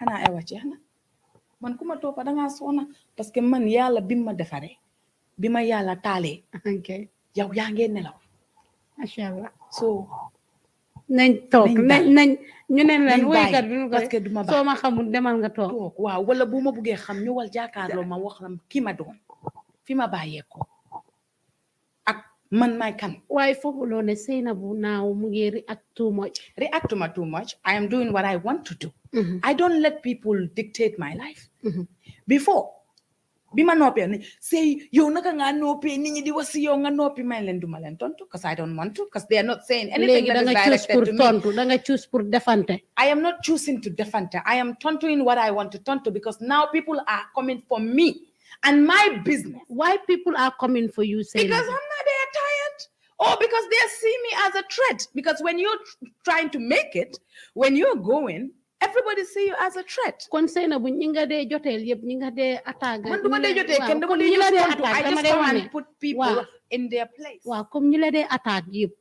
Speaker 4: Hana ay wàcce xanaa man ku ma toppa dangaa soona parce que man yàlla bi ma defaree bi ma yàlla taalee yow yaa ngee nelaw macha allah so
Speaker 3: nañ toog nañ nañ ñu ne leen woykat bi parce que duma baax xamul demal nga toog waaw wala bu ma buggee xam ñëwal jàkkaarloo ma wax la ki ma doon fi ma bàyyee ko ak man may kan waaye foofu loo na Sainabou naaw mu ngi react too much react too much I am doing what want to do mm-hmm. I don't
Speaker 4: let people dictate my life Mm-hmm. Before, bima nopi ani say you naka nga nopi ninyi di wasi yo nga nopi man len duma len tontu because I don't want to because they are not saying anything that is directed to me.
Speaker 3: Tontu, choose pur defante. I
Speaker 4: am not choosing to defante. I am in what I want to tontu because now people are coming for me and my business. Why
Speaker 3: people are coming for you saying Because that? I'm not their client.
Speaker 4: Oh, because they see me as a threat. Because when you're trying to make it, when you're going,
Speaker 3: everybody see you as a threat. kon sey na bu ñi nga dee dama put people in their place. waaw comme ñi la dee attaque yëpp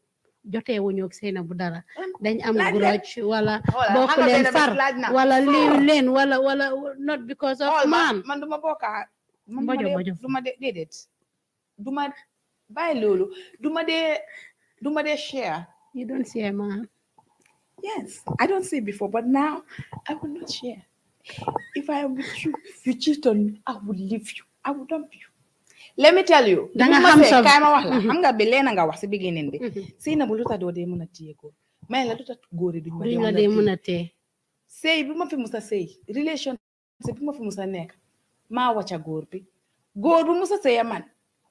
Speaker 3: jotee wuñu ak seen bu dara um, dañ am grudge wala bokk leen far wala liiw leen wala wala not because of man. man du ma bokk a. mbojo mbojo du ma dee déedéet
Speaker 4: du ma share. you don't share man. Yes, I don't say before, but now I will not share. If I am with you, if you cheat on me, I will leave you. I will dump you. Let me tell you. do mm-hmm. mm-hmm. tota Say relation. Say bima fi gorbi. Gorbi musa say man.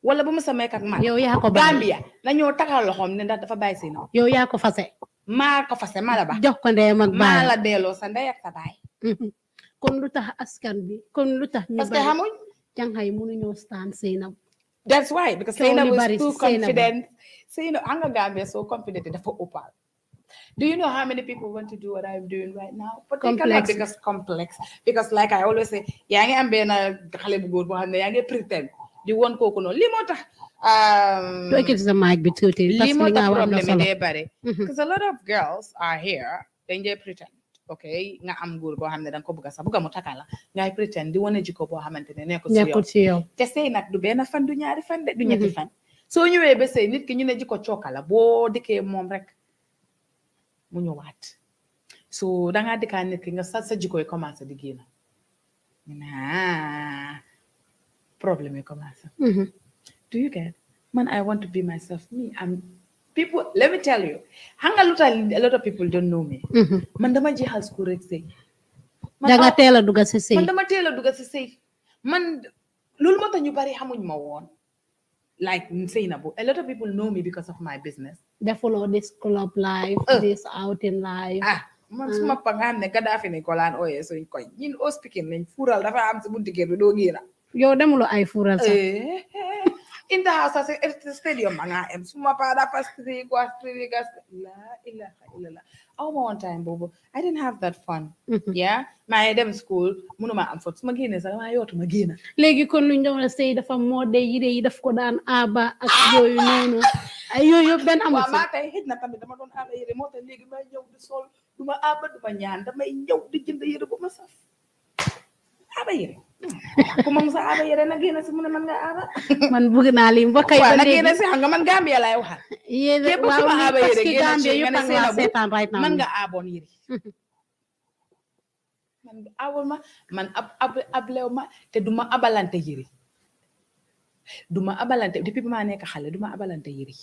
Speaker 4: Wala bu musa meka man. Yo ya Gambia. Na nyo taka sino.
Speaker 3: Yo fase.
Speaker 4: mal ko fasé mala ba
Speaker 3: jox ko ndeyam mak ba mala la
Speaker 4: sa ndey ak sa bay
Speaker 3: mhm. kon lutax askan bi kon lutax tax ñu parce que xamuñ jànxa yi mënuñoo staan Sainab
Speaker 4: that's why because Sainab was too confident Sainab anga gambe so confident dafa opal Do you know how many people want to do what I'm doing right now? But complex. they cannot because complex. Because like I always say, yang am bena xalé bu goor bo xamné yang pretend. Di won koku non. Li motax Um,
Speaker 3: gives the mic be tuuti. li moo tax problème yi
Speaker 4: bari. because a lot of girls are here dañ dee pretend ok nga am góor boo xam ne danga ko bëgg a sax bëgg a mu la ngay pretend di wane jikko boo xamante ne nekkul si yow nekkul si te sëy nag du benn fan du ñaari fan de du ñetti mm-hmm. fan. soo ñëwee ba sëy nit ki ñu ne jikko cooka la boo dikkee moom rek mu ñëwaat so dangaa dikkaa nit ki nga sa sa jikko yi commencé di génn. naa ah, problème yi commencé. Mm-hmm. Do you get? Man, I want to be myself. Me, I'm people. Let me tell you, hang a lot. A lot of people don't know me. Mm-hmm. Man, dama jihal school say. Danga tela duga se say. Man, dama tela duga se say. Man, lul mata nyubari hamu ma won. Like Sainabu, a lot of people know me because of my business.
Speaker 3: They follow this club life, uh, this in life. Ah, man suma uh.
Speaker 4: pangaam ne Gaddafi ne kolan laan oh, ooyee suñ koñ ñin oo speaking ne fural dafa am si bunti kër
Speaker 3: Yo, demulo ay fural sa. Eh,
Speaker 4: eh, eh in the house, I say, it's the stadium, I mga em, sumapada pa stri, kwa stri, la ilaha illallah. one time, Bobo, I didn't have that fun. Mm-hmm. yeah, my dem school, muno ma am fot, suma gine, sa ma yoto ma gine.
Speaker 3: Legi kon lu ndaw na say dafa more day yide yi daf ko daan aba ak yoyu nonu. Ay yoyu ben amu ci. Wa ma
Speaker 4: tay hit na tamit dama don aba yere mo legi ma ñew di sol, duma aba duma ñaan, ma ñew di jënd yere bu ma saf. Aba yere. ku moom sa aada yére na génn si mu man nga aada
Speaker 3: man bëgg na génn si xam nga man Gambia lay waxal képp ku ma si nga ne seena bu man nga
Speaker 4: aaboon yére man nga aaboon ma man ab ma duma abalante yére duma abalante depuis bi ma nekk xale duma abalante yére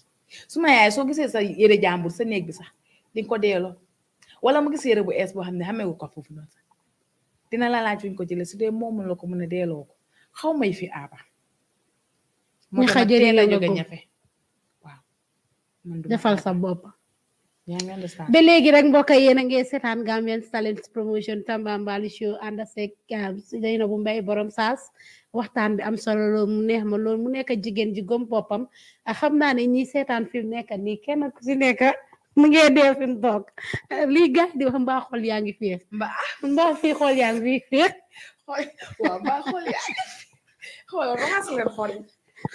Speaker 4: su ma yaay soo gisee sa yére jàmbur sa néeg bi sax di ko deeloo wala mu gis yére bu ees boo xam ne xamee ko foofu noonu sax dina la laaj fuñ ko jële su dee moom la ko mën a delloo ko xaw may fi aaba.
Speaker 3: moo tax teel la jóge ñafe waaw. defal sa bopp. ba léegi rek mbokk yi yéen a ngi seetaan Gambian Talents Promotion Tambambalu show ànd seeg ah, Zainabou Mbye borom saas waxtaan bi am solo loolu mu neex ma lool mu nekk jigéen ji gëm boppam ah, xam naa ne ñi seetaan fi mu nekk nii kenn ku si nekk. mu ngee dee toog lii gars di wax mbaa xol yaa ngi fees mbaa fii xol yaa ngi fii fees
Speaker 4: xol xool raxas leen yi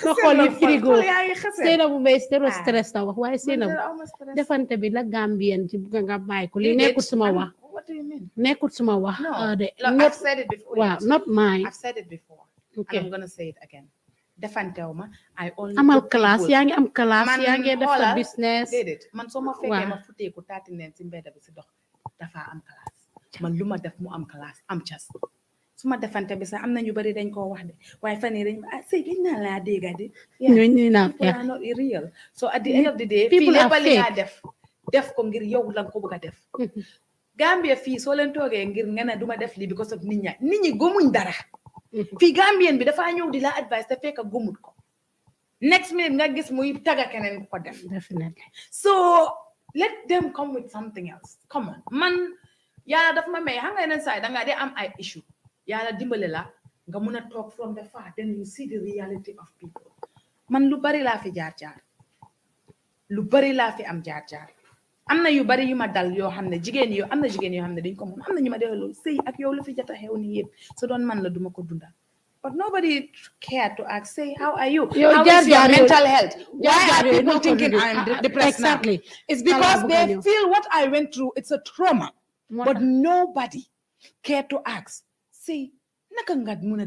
Speaker 3: na xool yi frigo Seynabou Mbaye ah. zéro stress la wax waaye Seynabou defante bi la Gambien ci bugga nga bàyyi ko lii nekkul suma wax nekkul suma ah, wax
Speaker 4: de waaw not mine I've said it defantew ma ay only amal classe yaa ngi am classe yaa ngi def sa business déedéet man soo ma fekkee ma futeeku taati neen si mbedd bi si dox dafa am man lu ma def mu am classe am cas su ma defante bi sax am na ñu bari dañ koo wax de waaye fan yii dañ ma ah sëy gëj naa laa dégga de ñooñu ñu naan feex real so at the mm. end of the li def def ko ngir yow la nga ko a def Gambia fii soo leen toogee ngir nga duma def lii because of nit ña nit ñi gëmuñ dara Mhm. fii Gambien bi dafaa ñëw di la advice te fekk gëmut ko next minute nga gis muy taga keneen ku ko def definitely so let them come with something else come on man yàlla daf ma may xam nga yeneen saa da ngaa di am ay issue yàlla dimbale la nga mun a from the far then you see the reality of people man lu bari laa fi jaar jaar lu bari laa fi am jaar jaar am na yu bari yu ma dal yoo xam ne jigéen yoo am na jigéen yoo xam ne dañ ko moom am na ñu ma delloo loolu sëy ak yow la fi jota xew ni yëpp so doon man la duma ko dundal but nobody care to ask say how are you yo, how is your mental health why are people thinking I'm depressed exactly now? it's because they feel what I went through it's a trauma but nobody care to ask say naka nga mën a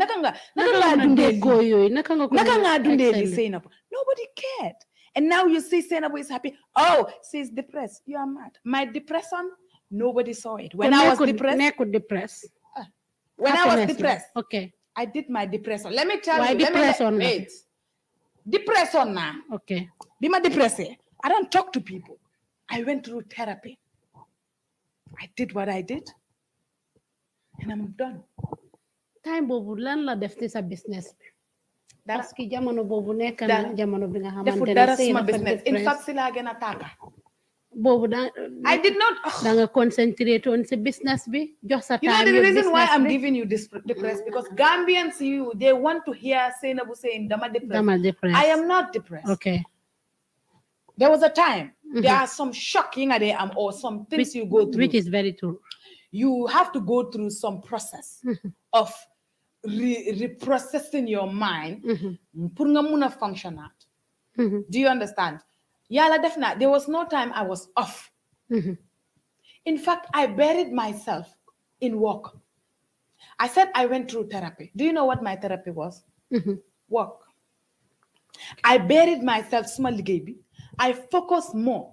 Speaker 4: naka nga naka nga dundee góor
Speaker 3: yooyu naka nga naka nga dundee li sëy na
Speaker 4: nobody cared and now you see Senabo is happy. Oh, she's depressed. You are mad. My depression, nobody saw it. When I was could, depressed. Could depress. Ah, when I was depressed. Okay. I did my depression. Let me tell Why you. depression? Let me, wait. Depression now. Okay. Be my depressed. Eh? I don't talk to
Speaker 3: people. I went through therapy. I did what I did. And I'm done. Time will learn la business parce que jamono boobu nekk na jamono bi nga xamante ne sëy na in fact si laa gën a tàgga boobu da I did not da oh. nga concentrate on sa business bi jox sa time you know the reason why I'm giving
Speaker 4: you this depressed because Gambians you they want to hear Sainabu saying dama depressed dama depressed I am not
Speaker 3: depressed okay
Speaker 4: there was a time there mm-hmm. are some shocking day am um, or some things you go through which is very true you have to go through some process mm-hmm. of re reprocessing your mind pour nga mun a do you understand Yeah, definitely. there was no time i was off mm-hmm. in fact i buried myself in work i said i went through therapy do you know what my therapy was mm-hmm. work i buried myself small baby. i focused more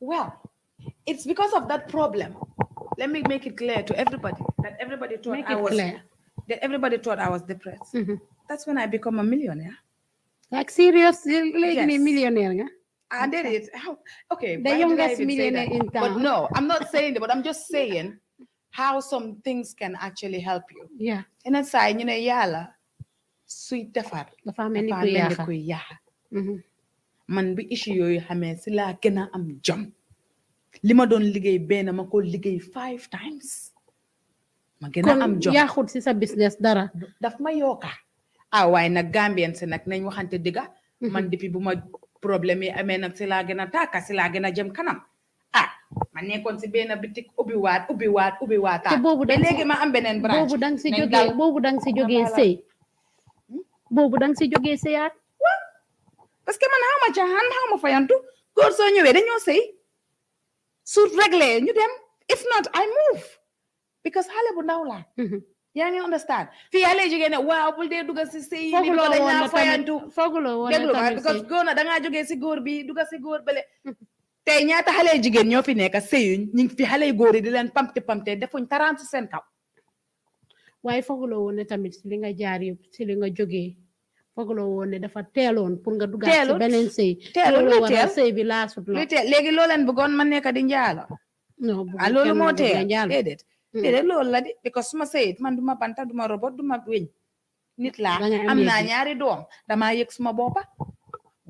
Speaker 4: well it's because of that problem let me make it clear to everybody that everybody thought make I was clear. that everybody thought I was depressed. Mm -hmm. That's when I become a millionaire. Like seriously, like yes. a millionaire. Yeah? I did it. How, okay, the youngest millionaire in town. But no, I'm not saying that. But I'm just saying how some things can actually help you. Yeah. And that's why
Speaker 3: you know yala sweet defar. Dafa melni
Speaker 4: kuy yaxa. Man bi issue yoyu xamé ci la gëna am jom. li ma doon liggéey benn ma ko liggéey five times ma a am jox si sa business dara daf ma yooka ah waaye nag Gambien si nag nañ waxante dëgga mhm. man depuis bu ma problème yi amee nag si laa gën a taaka si laa gën a jëm kanam ah ma nekkoon si benn
Speaker 3: bitik ubbi waat ubbi waat ubbi waata te boobu da léegi ma am beneen branche boobu dang si jógee hmm? boobu dang si jógee sëy boobu parce que man xaw ma caaxaan xaw ma fayantu góor soo ñëwee dañoo sëy su réglé ñu dem
Speaker 4: if not I move because xale bu ndaw laa mm-hmm. yaa ngi understand Fi yaa lay jógee ne waaw bul dee dugal si sëy bi ko dañ naa fayantu
Speaker 3: fooguloo woon déglu ma because
Speaker 4: góor na dangaa jógee si góor bi dugal si góor bële tey ñaata xale jigéen ñoo fi nekk sëyuñ ñu ngi fi xale góor yi di leen pamte pamte defuñ tarante seen kaw
Speaker 3: waaye fooguloo woon ne tamit si li nga jaar yëpp si li nga jógee foogloo woon ne dafa teeloon pour nga duggaat ci beneen sëy teeloon sëy bi laasut la teel léegi loo leen bëggoon ma nekk di njaalo a ah, loolu moo teel
Speaker 4: déedéet mm. déedéet loolu la di because suma sëyit man duma banta duma robot duma weñ nit laa am naa ñaari doom damaa yëg suma boppa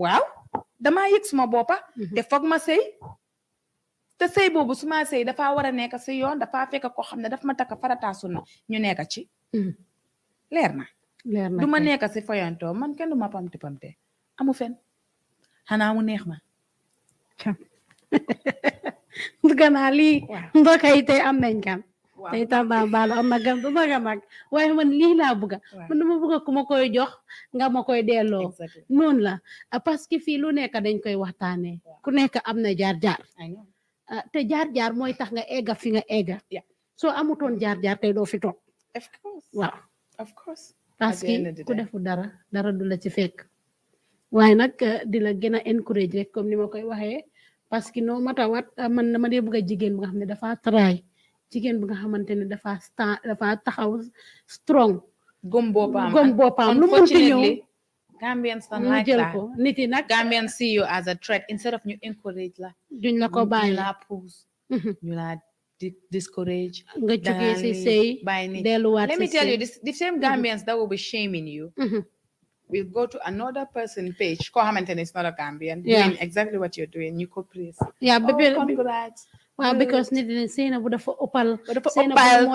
Speaker 4: waaw dama yëg suma boppa mm-hmm. te foog ma sëy te sëy boobu suma sëy dafa war a nekk si yoon dafa fekk koo xam ne daf ma takk farataa sunna ñu nekk ci mm-hmm. leer na leer na du ma nekk si foyanto man kenn du ma pamte pamte amu fen
Speaker 3: xanaa mu neex ma. ganaa lii mbokk yi tey am nañ gan tey Tambambalu am na gan bu mag a man lii laa bëgga man dama bëgga ma koy jox nga ma koy delloo noonu la ah, parce que fii lu nekk dañ koy waxtaanee ku nekk am na jaar-jaar ah, te jaar-jaar mooy tax nga egga fi nga egga soo amutoon jaar-jaar tey doo fi toog parce que ku defu dara dara du la ci fekk waaye nag eh, di la gën a encourage rek comme ni ma koy waxee parce que no mata wat eh, man dama dee bëgg a jigéen bu nga xam ne dafa try jigéen bu nga xamante ne dafa stan dafa taxaw strong gom boppam gom boppam lu munti ñëw
Speaker 4: Gambians don't like that.
Speaker 3: nit yi nag Gambians
Speaker 4: see ñu encourage la duñ la la discourage. let me tell you this the same Gambians mm-hmm. that will be shaming you. Mm-hmm. will go to another person page comment and it's not a Gambian. doing exactly what you're doing You could please. yeah bébé oh congrats.
Speaker 3: waaw because nit dina seena bu dafa opal. opal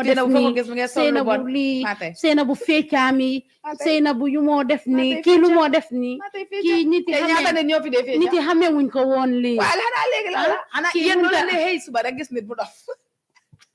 Speaker 3: dina bu moo def nii seena bu lii seena bu feccaami. seena bu yu moo def nii kii lu moo def nii. kii nit yi xamee nit yi xamee wuñ ko woon lii. waaw léegi ah, gis nit bu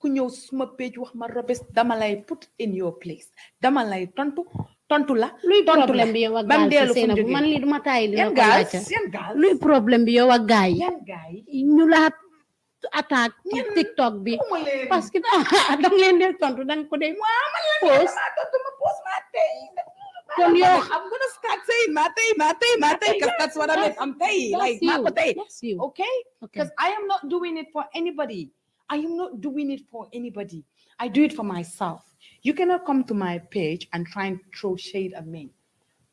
Speaker 4: ku ñëw suma wax ma Robes dama lay put in your place dama lay tontu tontu la. luy problème bi yow ak gaay seen bu man
Speaker 3: duma li ko luy problème bi yow ak gaay ñu la attaque TikTok bi parce que da leen de tontu post
Speaker 4: I'm gonna start
Speaker 3: saying ma tey
Speaker 4: ma ma because that's what I mean I'm tey like ma ko okay because I am not doing it for anybody I am not doing it for anybody. I do it for myself. You cannot come to my page and try and throw shade at me.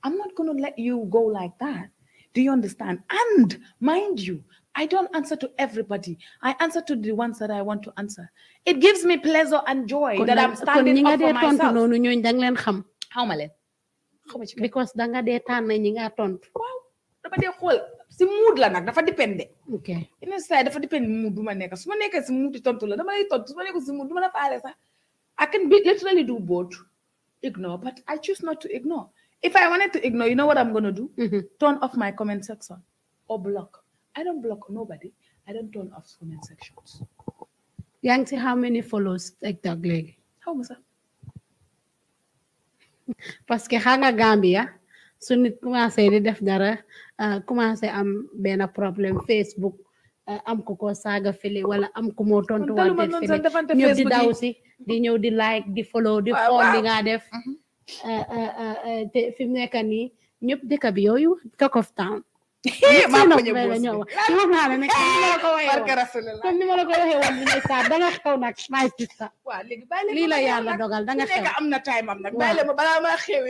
Speaker 4: I'm not going to let you go like that. Do you understand? And mind you, I don't answer to everybody.
Speaker 3: I answer to the ones that I want to answer. It gives me pleasure and joy that I'm standing up for myself. How Because danga de tan ñi nga tontu. Wow si mood la nag dafa dépend ok yenn saa yi dafa dépend
Speaker 4: mood bu ma nekk su ma si mood tontu la dama lay tontu su ma si mood du ma la faale sax I can literally do both ignore but I choose not to ignore if I wanted to ignore you know what I'm gonna do. Mm-hmm. turn
Speaker 3: off my comment section
Speaker 4: or block I don't block nobody I don't turn off comment sections.
Speaker 3: yaa ngi how many follows TikTok léegi. How ma sax. parce que xam nga Gambia. su nit commencé di def dara euh, commencé am benn problème Facebook euh, am ko ko saaga fili wala am ko moo tontu wante fili ñëw di daw si di ñëw di like di follow di xool nga def mhm. euh, te fi mu nekk nii ñëpp dëkk bi yooyu cock of town maa ngi ko ñëw ni ma la ko waxee woon comme ni ma la ko waxee dogal danga
Speaker 4: xew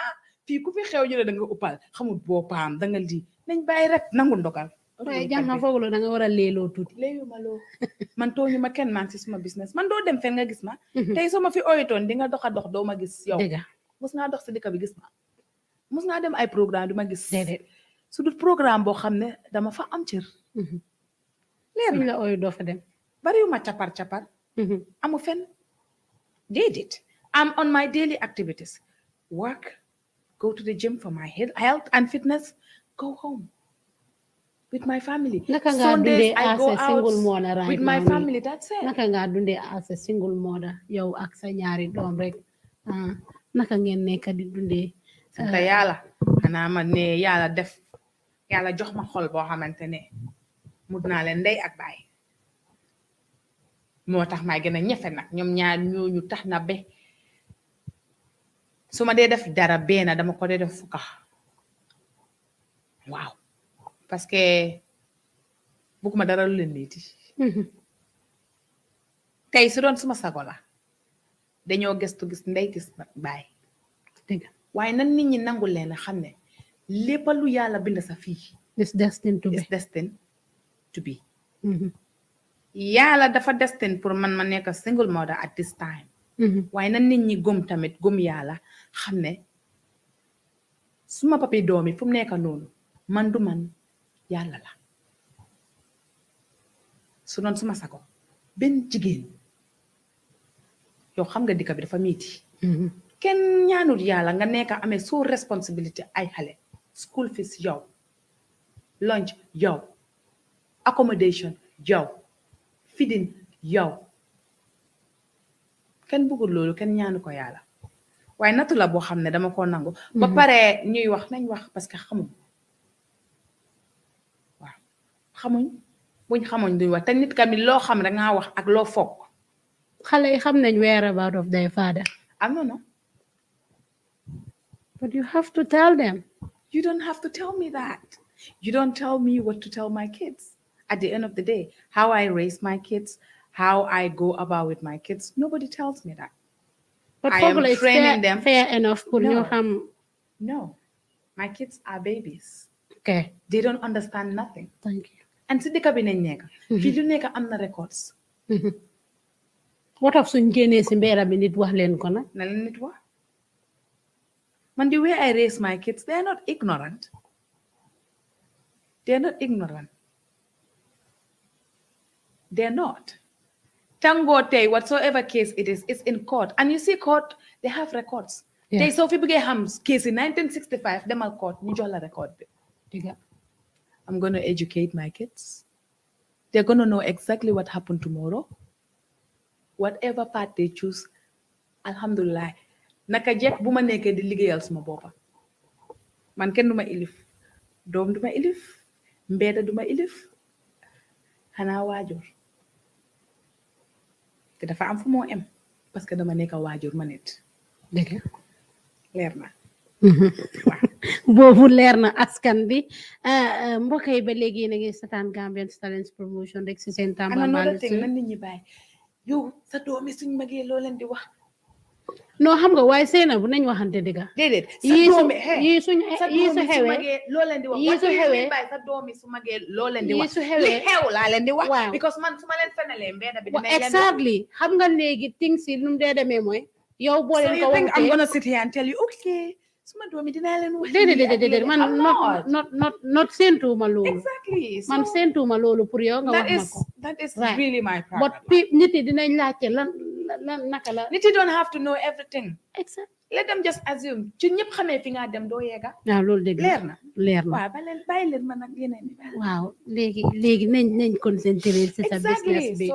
Speaker 4: ah fii ku fi xew ñu ne da nga uppal xamul boo paam da nga lii nañ bàyyi rek nangu ndogal.
Speaker 3: waaye jàmm na foog da nga
Speaker 4: war a leeloo tuuti. leelu ma loo man ma kenn maa si suma business man doo dem fen nga gis ma. Mhm. tey soo ma fi oyitoon di nga dox a dox doo ma gis yow. dëgg mos naa dox si dëkk bi gis ma mos naa dem ay programme du ma gis. déedéet su dul programme boo xam ne dama fa am cër. Mhm. leer na la oy doo fa dem. bariwu ma capar capar. Mhm. amu fen déedéet am on my daily activities work. go to the gym for my health and fitness, go home with my family. Sundays, I go out right with my family.
Speaker 3: That's it. Naka nga as a single mother yow ak nyari ñaari doom rek ah, naka ngeen nekk di dundee. Ah.
Speaker 4: sant ne yala def yala jox ma xol boo xamante ne mut naa leen ndey ak baay moo may gën a ñefe nag ñoom ñaar ñooñu tax na su ma dee def dara benn dama ko dee def fukka waaw parce que bëgguma dara lu leen niiti mm-hmm. tey su doon suma sago la dañoo gëstu gis ndey baay dégg waaye nan nit ñi nangu leen xam ne lépp lu yàlla bind sa fii is destined to be is mm-hmm. yàlla dafa destined pour man ma nekk single mother at this time mm-hmm. waaye nan nit ñi gëm tamit gëm yàlla xam ne suma papi doomi fu mu nekk noonu man du man yàlla la su doon suma sago benn jigéen yow xam nga dikka bi dafa miiti mm-hmm. kenn ñaanul yàlla nga nekk amee su responsabilité ay xale school fees yow lunch yow accommodation yow feeding yow kenn bëggul loolu kenn ñaanu ko yàlla waaye natu la boo dama ko nangu. ba mhm. pare ñuy wax nañ wax parce que xamuñ buñ xamuñ duñ wax te nit xam rek nga wax ak
Speaker 3: xale yi xam nañ about of their father. ah non but you have to tell them.
Speaker 4: you don't have to tell me that. you don't tell me what to tell my kids. at the end of the day, how I raise my kids, how I go about with my kids, nobody tells me that.
Speaker 3: But I am training fair, them. Fair enough. Pour no. harm. no,
Speaker 4: my kids are babies. Okay. They don't understand nothing. Thank you. And si dëkk bi nañ
Speaker 3: nekk. Mm-hmm. Fii lu nekk records. Mm-hmm. What of suñ génnee si mbeera bi nit wax leen ko nag. Na leen Man the way I raise my kids,
Speaker 4: they are not ignorant. They are not ignorant. They are not. Tango,te whatsoever case it is, it's in court. And you see court, they have records. Yeah. They saw Fibuge Ham's case in 1965, them are court, Nijola record. I'm going to educate my kids. They're going to know exactly what happened tomorrow. Whatever part they choose, alhamdulillah. Naka buma neke di ligayal sama bopa. Man ken duma ilif. Dom duma ilif. Mbeda duma ilif. Hana wajur. te dafa am fu moo em parce que
Speaker 3: dama nekk waajur ma nit dëgg leer na boobu leer na askan bi ah, ah, mbokk yi ba léegi yéen a ngi seetaan Gambian Talents Promotion rek si seen Tamba Mbalo. ana loolu la teg na nit ñi yow sa doomi suñ magee loo di wax. non xam nga waaye seen bu nañ waxante dëgg. déedéet yii su yii su xewee
Speaker 4: yii su xewee sa doomi su magee loo leen di wax. yii su xewee li laa leen di wax. waaw because man su ma leen fenalee mbedd bi. dinañ leen
Speaker 3: xam nga léegi things yi nu mu dee demee mooy. yow boo leen ko waxee so you think
Speaker 4: suma doom yi dinaa leen wax déedéet not
Speaker 3: not not not séentuuma loolu exactly So séentuuma loolu pour yow nga wax that is really my problem but people, yi dinañ laajte lan lan naka
Speaker 4: don't have to know everything exactly let them just assume ci ñëpp xamee fi nga dem doo yegga
Speaker 3: waaw loolu dëgg leer na leer na waaw ba leen bàyyi leen ma nag yeneen waaw léegi léegi nañ nañ concentré si sa business bi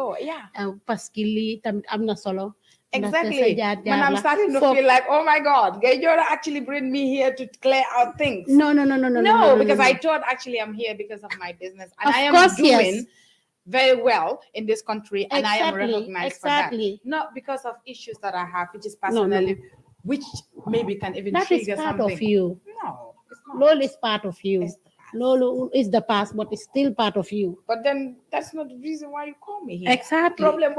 Speaker 3: parce que lii tamit am na solo Exactly. And I'm starting to so, feel like, oh my God, Gayora actually bring me here to clear out things. No, no, no, no, no. No, no, no because no, I thought
Speaker 4: actually I'm here because of my business. And of I am course, doing yes. very well in this country and exactly, I am recognized exactly. for that. Not because of issues that I have, which is personally, which maybe can even that trigger is part something. of you. No,
Speaker 3: it's not. is part of you. It's Lolo is the past, but it's still part of you.
Speaker 4: But then that's not the reason why you call me here. Exactly. Problem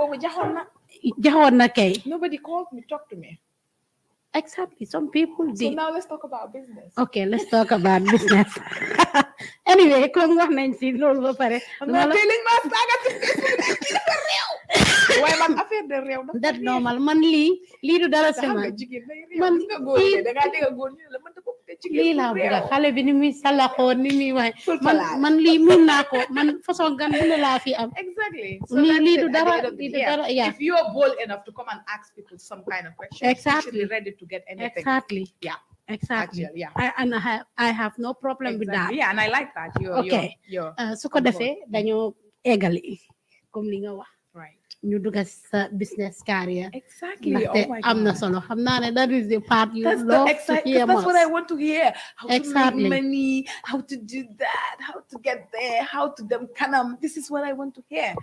Speaker 4: nobody called me talk to me.
Speaker 3: Exactly. Some people did. So now
Speaker 4: let's talk about business.
Speaker 3: Okay, let's talk about business. anyway, comme wax nañ pare. I'm not feeling my saga to business. waaye man affaire de réew da normal man lii lii du dara sama
Speaker 4: man lii laa bëgg a
Speaker 3: xale bi ni muy salaxoo ni muy waxe man lii mun naa ko man façon gan fi am
Speaker 4: exactly lii du dara lii du dara yeah if you are bold enough to come exactly
Speaker 3: exactly exactly I, and have, no problem exactly. that yeah and I like that you're, okay. you're, uh, You do a business career. exactly oh my God am not solo I'm not. that is the part you love to hear most. that's what I
Speaker 4: want to hear. how exactly. to make money how to do that how to get there how to dem kanam this is what I want to hear.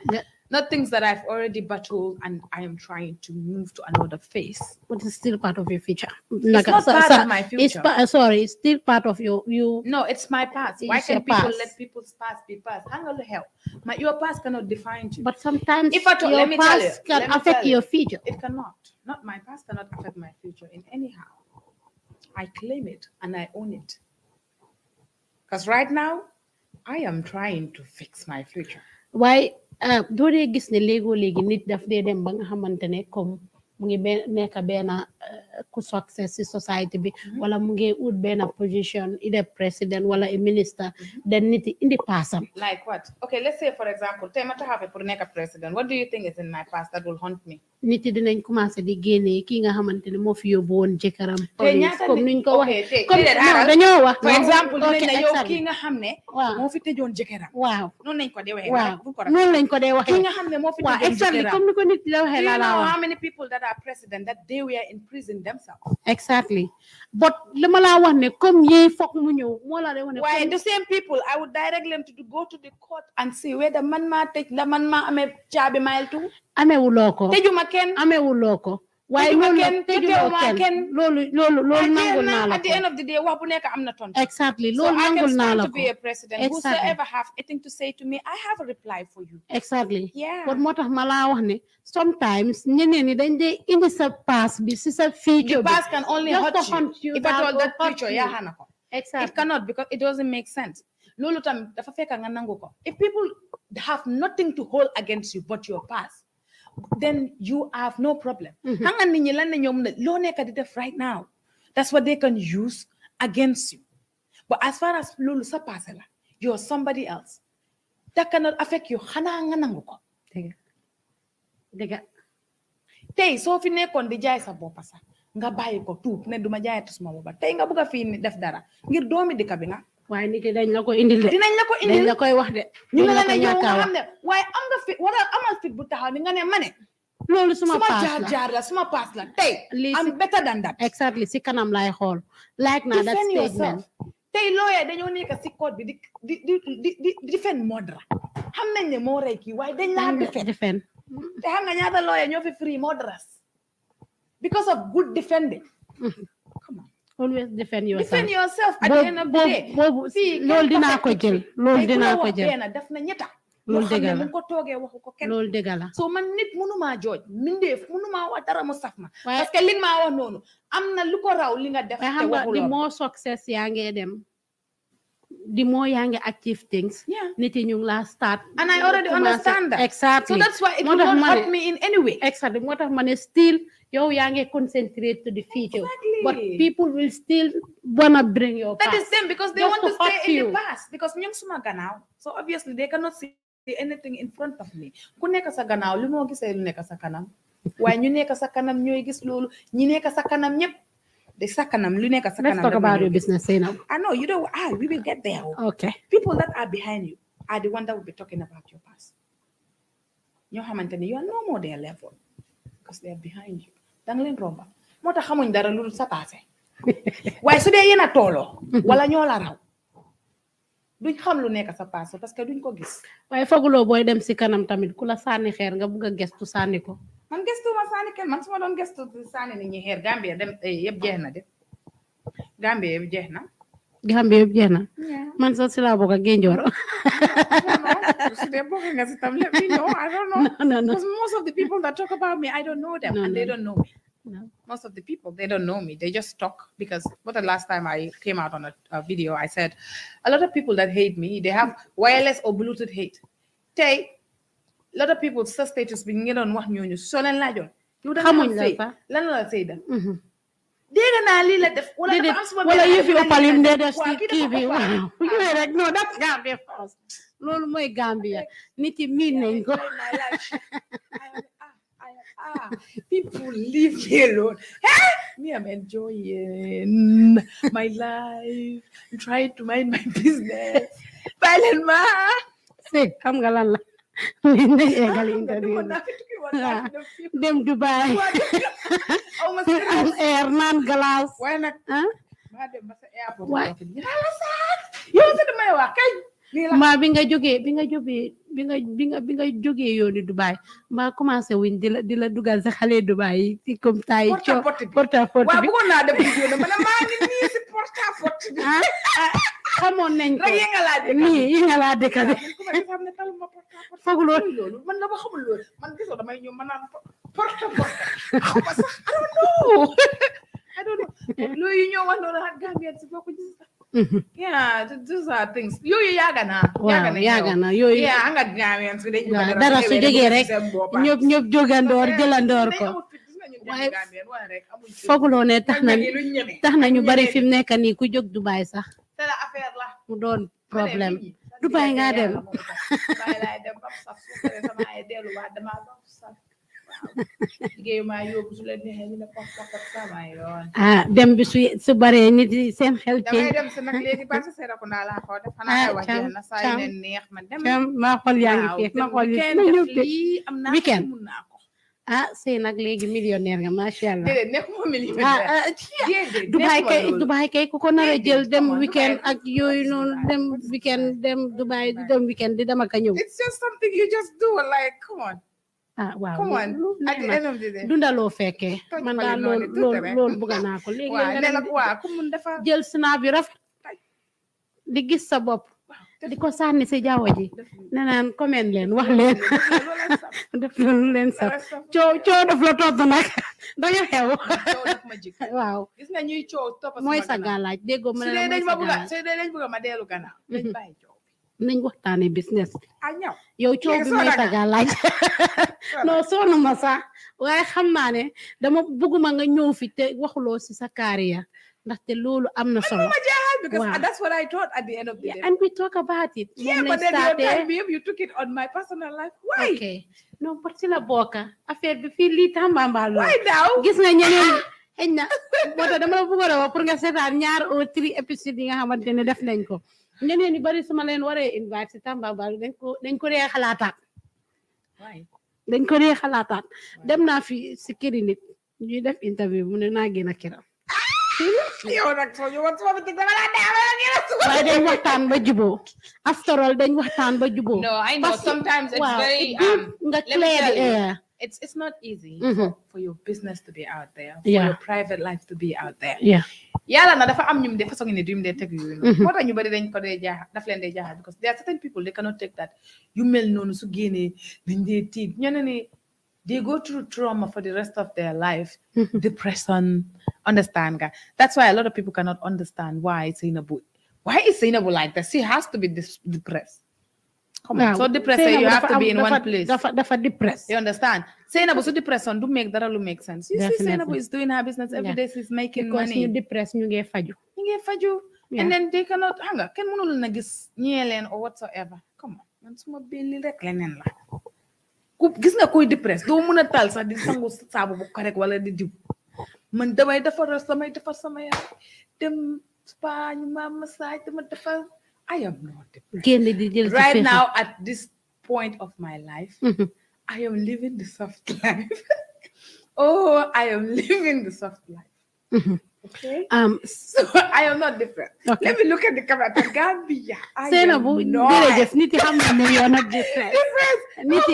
Speaker 4: Not things that I've already battled and I am trying to move to another
Speaker 3: phase. But it's still part of your future. Like, it's not so, part so, of my future. It's pa- sorry, it's still part of your you. No, it's my past. Why can people past. let
Speaker 4: people's past be past? How the hell? My your past cannot define you.
Speaker 3: But sometimes if at all, your past you, can affect your future.
Speaker 4: It cannot. Not my past cannot affect my future in any how. I claim it and I own it.
Speaker 3: Because right now, I am trying to fix my future. Why Ah, doo dee gis ne léegoo léegi nit daf dee dem ba nga xamante ne comme mu ngi nekk benn ku success si society bi mm-hmm. wala mu ngi ut benn position ide président wala a minister den mm-hmm. nit indi paasam
Speaker 4: like what okay let's say for example tey ma taxawee pour nekk président what do you think is in my past that will haunt me
Speaker 3: nit yi dinañ commencé di génne kii nga xamante ne moo fi yóbbu woon jëkkëram comme nuñ ko waxee comme dañoo wax for example dinañ la yow kii
Speaker 4: nga xam ne moo fi tëjoon jëkkëram waaw noonu lañ ko dee waxee waaw noonu lañ ko dee waxee kii nga xam ne moo fi tëjoon jëkkëram waaw exactly comme ni ko nit di la waxee laa laa wax how many people that are president that they were in prison themselves.
Speaker 3: Exactly. But why
Speaker 4: the same people, I would direct them to, go to the court and see whether man
Speaker 3: ma take the man ma ame chabe mail to. Ame uloko. Teju maken. Ame uloko waaye loolu nag tëjuloo kenn loolu loolu loolu nangul at the end
Speaker 4: of the day wax bu nekk am na tontu.
Speaker 3: exactly loolu nangul naa la ko so I can stand to be a
Speaker 4: president. exactly whosoever have anything to say to me I have a reply for
Speaker 3: you. exactly Yeah. moo tax ma laa wax ne sometimes ñeneen ñi dañ dee indi sa pass bi si sa future the past can only hurt you if at all that future yaa xana ko. exactly
Speaker 4: it cannot because it doesn't make sense. loolu tam dafa fekk nga nangu ko if people have nothing to hold against you but your past then you have no problem. Hanga nit ñi lan na ñoom right now. That's what they can use against you. But as far as lulu sa la you're somebody else. That cannot affect you xanaa nga nangu ko. dëgg tey soo fi nekkoon di jaay sa nga bàyyi ko tuub ne duma jaayati suma bopp tey nga bugg a fi def dara ngir
Speaker 3: doomi dëkk bi waaye nit yi dañ la ko indil de dinañ la ko indil dañ la koy wax de ñu ngi la ne yow nga xam ne waaye am nga fit wala amal fit bu taxaw ni nga ne ma ne loolu suma paas la suma jaar la
Speaker 4: suma paas la tey
Speaker 3: am better than that exactly si kanam lay xool like na that statement
Speaker 4: tey lawyer dañoo nekk si code bi di di di di defend modra xam nañ ne moo rey kii waaye dañ laa defend te xam nga ñaata lawyer ñoo fi free modras
Speaker 3: because of good defending mm-hmm. always defend yourself defend yourself at the end of the day boobu loolu ko jël loolu dinaa ko jël def na ñetta loolu dëgg la mu
Speaker 4: ko toogee waxu ko kenn loolu dëgg la so man nit mënumaa jooj mindeef mënumaa wax dara mu saf ma
Speaker 3: parce que li nga maa wax noonu am na lu ko raw li nga def te waxuloo waaye xam nga di moo success yaa ngee dem the more young active things, yeah. start. And I already understand that. Exactly. So that's why it will not help me in any way. Exactly. What of money still your young concentrate to the future. Exactly. But people will still wanna bring your That past. is them because they Just want to, to stay you. in the
Speaker 4: past. Because nyong sumaga now. So obviously they cannot see anything in front of me. Kuneka sa gannaaw lu sa kanam. Waaye sa kanam ñooy gis loolu sa kanam the sakanam lu neka sakanam let's talk about your say now i know you don't ah we will get there okay people that are behind you are the one that will about your past ñoo xamante ne you are no more their level because they behind you danga leen romba moo tax xamuñ dara lu sa passé
Speaker 3: waaye su dee yéen a mm-hmm. wala ñoo la raw duñ xam lu nekk sa passé parce que duñ ko gis waaye faguloo booy dem si kanam tamit ku la sànni xeer nga bugg a gestu sànni ko
Speaker 4: man gëstuma saani kenn man su ma doon gëstu saani ni ñi xeer Gambia dem eh, yëpp jeex na de Gambia yëpp jeex na
Speaker 3: Gambia yëpp jeex na man sax si laa bokk ak Genjoor
Speaker 4: su dee bokk nga si let me know I don't know no, no, no. most of the people that talk about me I don't know them and they don't know me No. Most of the people, they don't know me. They just talk because what the last time I came out on a, a, video, I said a lot of people that hate me, they have wireless or Bluetooth hate. Tay, lot of people sa status bi ngeen doon wax ñooñu soo leen laajoon. yow da nga lan la Seyda. dégg
Speaker 3: naa lii la def. wala dafa am suma wala yëf yi opal yum dee def si kii waaw yooyu rek non daf Gambia France loolu mooy Gambia nit yi miin nañ ko. Ah, ah. people leave
Speaker 4: me alone. Hey, me, I'm enjoying my life. I'm trying to mind my business.
Speaker 3: Bye, ma. See, come, Galala. min na egal interview dem Dubai am air naan glace waaye ah? bi nga jóge bi nga jóge bi nga bi nga bi nga jógee yooni Dubai maa commencé wuñ di la di la dugal sa xale Dubai yi ci taay coo porte porte bi waaw bëggoon naa def vidéo mësta fot xamoon nañ ko rek yi nga laa dëkk de foguloon loolu
Speaker 4: man dama xamul loolu man gisoo damay ñëw man naan porte porte xaw ma sax I don't know loolu yi ñoo wax noonu ak Gambia si bokku ci sax yeah those are things yooyu yàgg na yàgg na yooyu yeah anga Gambia
Speaker 3: dara su jógee rek ñëpp ñëpp jógandoor jëlandoor ko
Speaker 4: waaye fooguloo ne tax na tax na ñu bari fi mu nekk
Speaker 3: nii ku jóg Dubai sax mu doon problème Dubai nga dem ah dem bi su su bare nit yi seen xel ci
Speaker 4: ah cam maa xool yaa ngi feek ma xool yi na ñëw weekend
Speaker 3: ah sëy nag léegi millionnaire nga macha allah ah
Speaker 4: Dubaay kay Dubaay
Speaker 3: kay ku ko jël dem weekend ak yooyu noonu dem weekend dem Dubaay di dem weekend di dem ak a ñëw. waaw dundaloo fekkee man daal loolu loolu loolu léegi. waaw ku mun jël snap bi rafet di gis sa bopp. di ko sànni si jaww ji ne naan comment leen wax leen def loolu leen sax coow coow daf la topp nag dañu xew waaw gis na ñuy coow topp mooy sa gàllaaj déggoo ma ne dañ ma bëgg a
Speaker 4: su dee dañ bëgg a ma dellu gannaaw dañ mm-hmm. bàyyi
Speaker 3: nañ waxtaane business ah, yow coow bi mooy sa gàllaaj non soonu ma sax waaye xam naa ne dama bëgguma nga ñëw fi te waxuloo si sa carrière ndaxte loolu am na solo because wow. that's what I thought at the end of the yeah, day. And we talk about it. Yeah, when but then started,
Speaker 4: you, you took it on my
Speaker 3: personal life. Why? Okay. No, but sila boka. Affair bi fi li tamba mbalo. Why now? Gis nga ñeneen xëy na moo tax dama la bëggoon a wax pour nga seetaan ñaar au tri épisodes yi nga xamante def nañ ko ñeneen yu bari su leen waree invite si Tambambalu dañ ko dañ ko dee xalaataat dañ ko dee xalaataat dem fi nit ñuy def interview mu ne naa waaye dañ waxtaan ba jubóo after all dañ waxtaan ba jubóo. no I know sometimes it's very um, nga clear the air.
Speaker 4: it's it's not easy mm-hmm.
Speaker 3: for your business to be out
Speaker 4: there for your private life to be out there Yeah. na dafa am ñum the first one in the dream. They take you. tax ñu bari dañ ko dee jaaxal daf leen dee because there are certain people they cannot take that You mel noonu su génnee dañ dee tip. ñeneen ni they go through trauma for the rest of their life, depression. Understand, guys. That's why a lot of people cannot understand why Zainabu, why is Zainabu like that? She has to be depressed. Come on. so depressed, eh, you have to be in one place. That's
Speaker 3: for depressed. You
Speaker 4: understand? Zainabu, so depression, do make that all make sense. You Definitely. see, Zainabu is doing her business every yeah. day. she's making because money. Because you depressed, you get faju. You get faju. Yeah. And then they cannot hang up. Can munul nagis kneeling or whatsoever. Come on. Man, gis nga koy dépresse doo mën a sax di sangu saabu bu ko wala di diw man damay defar samay defar sama dem spa ñu ma massage dama defar
Speaker 3: I am not depressed. di jël right now
Speaker 4: at this point of my life mm-hmm. I am living the soft life
Speaker 3: oh I am
Speaker 4: living the soft life mm-hmm. Okay. Um, so I am not different. Okay. Let me look at the camera. The Gambia. Senabu, no. Villages, Niti Hamdan,
Speaker 3: you are not different. Different. Niti.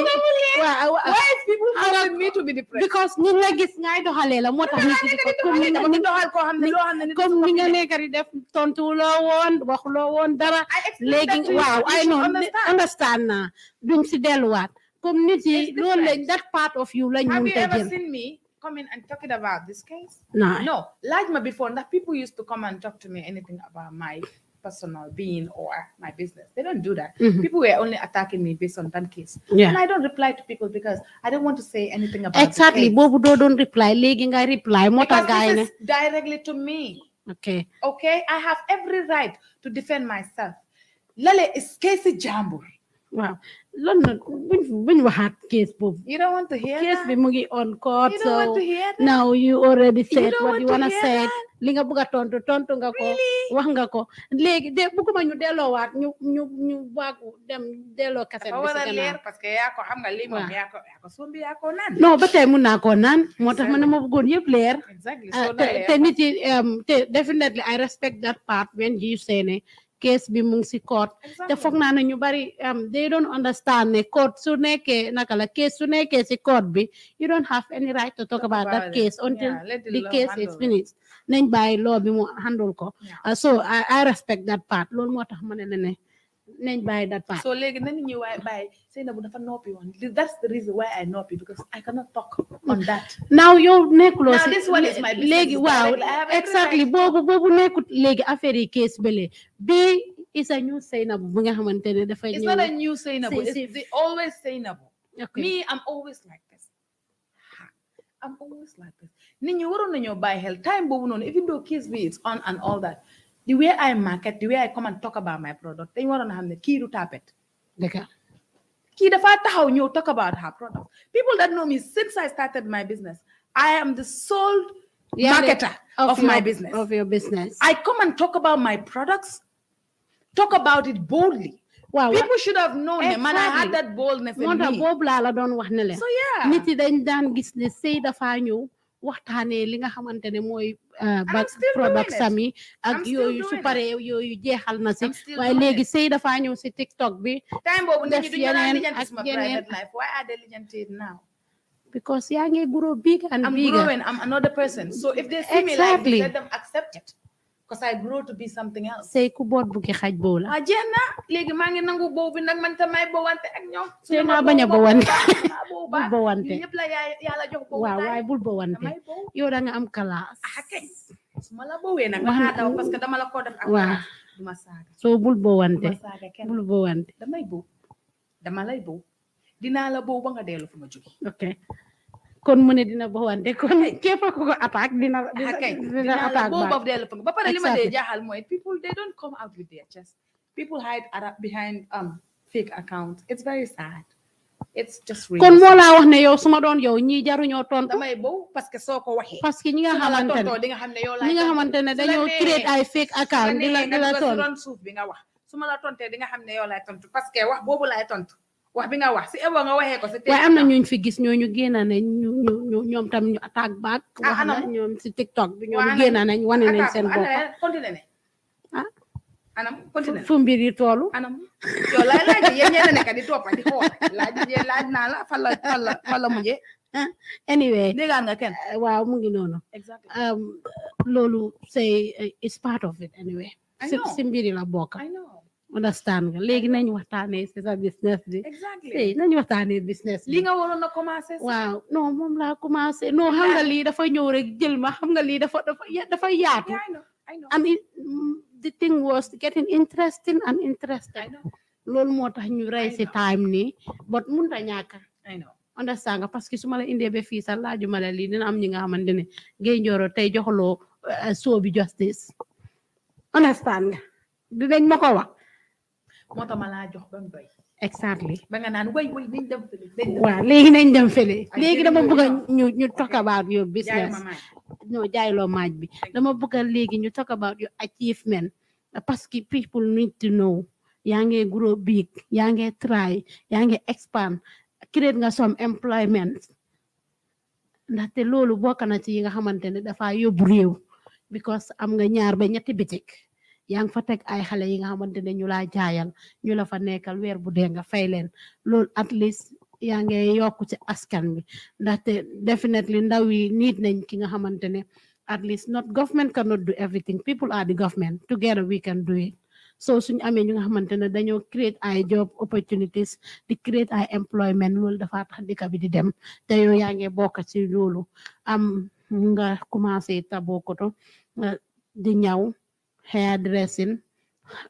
Speaker 3: Well, Why is people forcing me to be different? Because nun la gis ngay doxale la motax nit di ko comme ni nga doxal ko xamne lo xamne comme ni nga nekk di def tontu lo won wax lo won dara legi waaw i know understand na dum ci delu wat comme nit yi lool that part of you lañ ñu tegal have you ever
Speaker 4: seen me coming and talking about this case. No. No. Like my before, that people used to come and talk to me anything about my personal being or my business. They don't do that. Mm -hmm. People were only attacking me based on that case. Yeah. And I don't reply to people because I don't want to say anything about Exactly.
Speaker 3: Bobo don't reply. Legging I reply. Because this is
Speaker 4: directly to me. Okay. Okay. I have every right to
Speaker 3: defend myself. Lale is Casey Jambur. Wow. London, when when we had case boobu. you don't want to hear case bi mu ngi on court. you don't want to hear that now you already said what you wanna say li nga tonto tonto tontu tontu nga ko. wax nga ko léegi de bëgguma ñu delloowaat ñu ñu ñu waagu dem delloo kase bi. dafa war a leer parce que ko xam nga lii moom yaa ko yaa ko sumbi yaa ko naan. non ba tey mun naa koo naan moo tax ma ne ma bëggoon yëpp leer. Ah, te nit yi te definitely I respect that part when you say ne case bi mu ngi court te foog na ne ñu bari um, they don't understand ne court su nekkee naka la case su nekkee si court bi you don't have any right to talk about that case until the case is finished nañ bàyyi law bi mu handle ko uh, so I respect that part loolu moo tax ma ne nañ bàyyi that part. so
Speaker 4: léegi nañu ñu waay bàyyi Sainabou dafa noppi woon that's the reason why I noppi because I cannot talk
Speaker 3: on that. now yow nekkuloo si. now this one is my business. léegi waaw exactly boobu boobu nekkut léegi affaire yi case bële bii is a new Sainabou bu nga xamante ne dafay. ñëw it's not a new Sainabou it's
Speaker 4: the always Sainabou. okay me I'm always like this. I'm always like this. Nini waroon nañoo bàyyi xel time boobu noonu even though case bi it's on and all that the way I market the way I come and talk about my product dañ waroon a the key kii tap it. dëgg uh, Key the fact how you talk about her product people that know me since I started my business I am the sole
Speaker 3: marketer of, my business of your business.
Speaker 4: I come and talk about my products
Speaker 3: talk about it boldly. Wow. people should have known ne man I had that boldness in me. so yeah Niti yi gis ne sëy dafa ñëw Ah, ba sami ak yooyu su paree yooyu jeexal na si waaye léegi sëy dafaa ñëw si TikTok bi def yeneen ak yeneen because yaa ngi grow big and bigger I'm
Speaker 4: because I grow to be something else.
Speaker 3: sey ku boot buggi xaj boobu la.
Speaker 4: ah léegi maa ngi nangu boobu bi nag man tam may bowante ak ñoom.
Speaker 3: su ma bañ a bowante bul bowante waaw waaye bul bowante yow da nga am ah, kalaas. su ma la bowee nag ma parce que dama la ko def ak. waaw duma soo bul bowante
Speaker 4: bul bowante damay bow dama lay
Speaker 3: la bow ba nga dellu fu ma jóge. kon mu ne dina ko attaque dina ah, dina dina attaque ba pare li ma dee
Speaker 4: jaaxal mooy people they don't come out with their chest people hide behind um fake accounts it's very sad it's just moo laa wax ne yow
Speaker 3: su ma doon yow ñii jaruñoo tontu damay bow parce que soo ko waxee parce que ñi nga xamante ne ñi nga xamante ne dañoo créer ay fake account di la
Speaker 4: suuf bi nga wax su ma la tonte di nga xam ne yow laay tontu parce que wax boobu laay tontu wax bi si ewo nga waxee ko si waaye am na
Speaker 3: ñuñ fi gis ñooñu génn nañ ñu ñoom tam ñu attack back. Ah, wax na ñoom si tiktok bi ñoom génn nañ wane nañ seen bopp ah anam continue fu mbir yi toolu anam yow laaj laaj yéen ñeneen nekk di toppa di xool laaj laaj naa la fan la falla falla falla muje. mujjee ah, anyway déggaan nga kenn eh, waaw mu Exactly. Um, loolu say is part of it anyway I know. yi la boka. I know understand nga léegi nañ waxtaanee c'est ça business bi.
Speaker 4: exactly tey nañ
Speaker 3: waxtaanee business bi. li nga
Speaker 4: waroon a commencé. waaw
Speaker 3: non moom laa commencé non xam nga lii dafa ñëw rek jël ma xam nga lii dafa dafa ya, dafa yaatu. and mm, the thing was getting interesting and interested. loolu moo tax ñu rey si time nii but mënut a ñàkk. understand nga parce que su ma la indee ba fii sax laajuma la lii dina am ñi nga xamante ne ngay njooro tey joxloo eh, soo bi justice. understand nga dinañ ma wax.
Speaker 4: moo ma laa jox ba doy. exactly ba nga naan way way nañ dem
Speaker 3: fële. waaw léegi nañ dem fële léegi dama bëgg ñu ñu talk about your business. ñoo jaayloo maaj bi dama bëgg a ñu talk about your achievement parce que people need to know yaa grow big yaa try yaa expand create nga some employment ndaxte loolu bokk na ci yi nga xamante ne dafa yóbbu réew because am nga ñaar ba ñetti bitik. Yang fa tek ay xalé yi nga xamantene ñu la jaayal ñu la fa nekkal wër bu nga fay leen lool at least ya nga yok ci askan bi ndaxte definitely ndaw yi nit nañ ki nga xamantene at least not government cannot do everything people are the government together we can do it so suñ amé ñu nga xamantene dañoo create ay job opportunities di create ay employment lool dafa tax dëkk bi di dem te yo ya nga bok ci loolu am nga commencé to eh, di ñaw hair dressing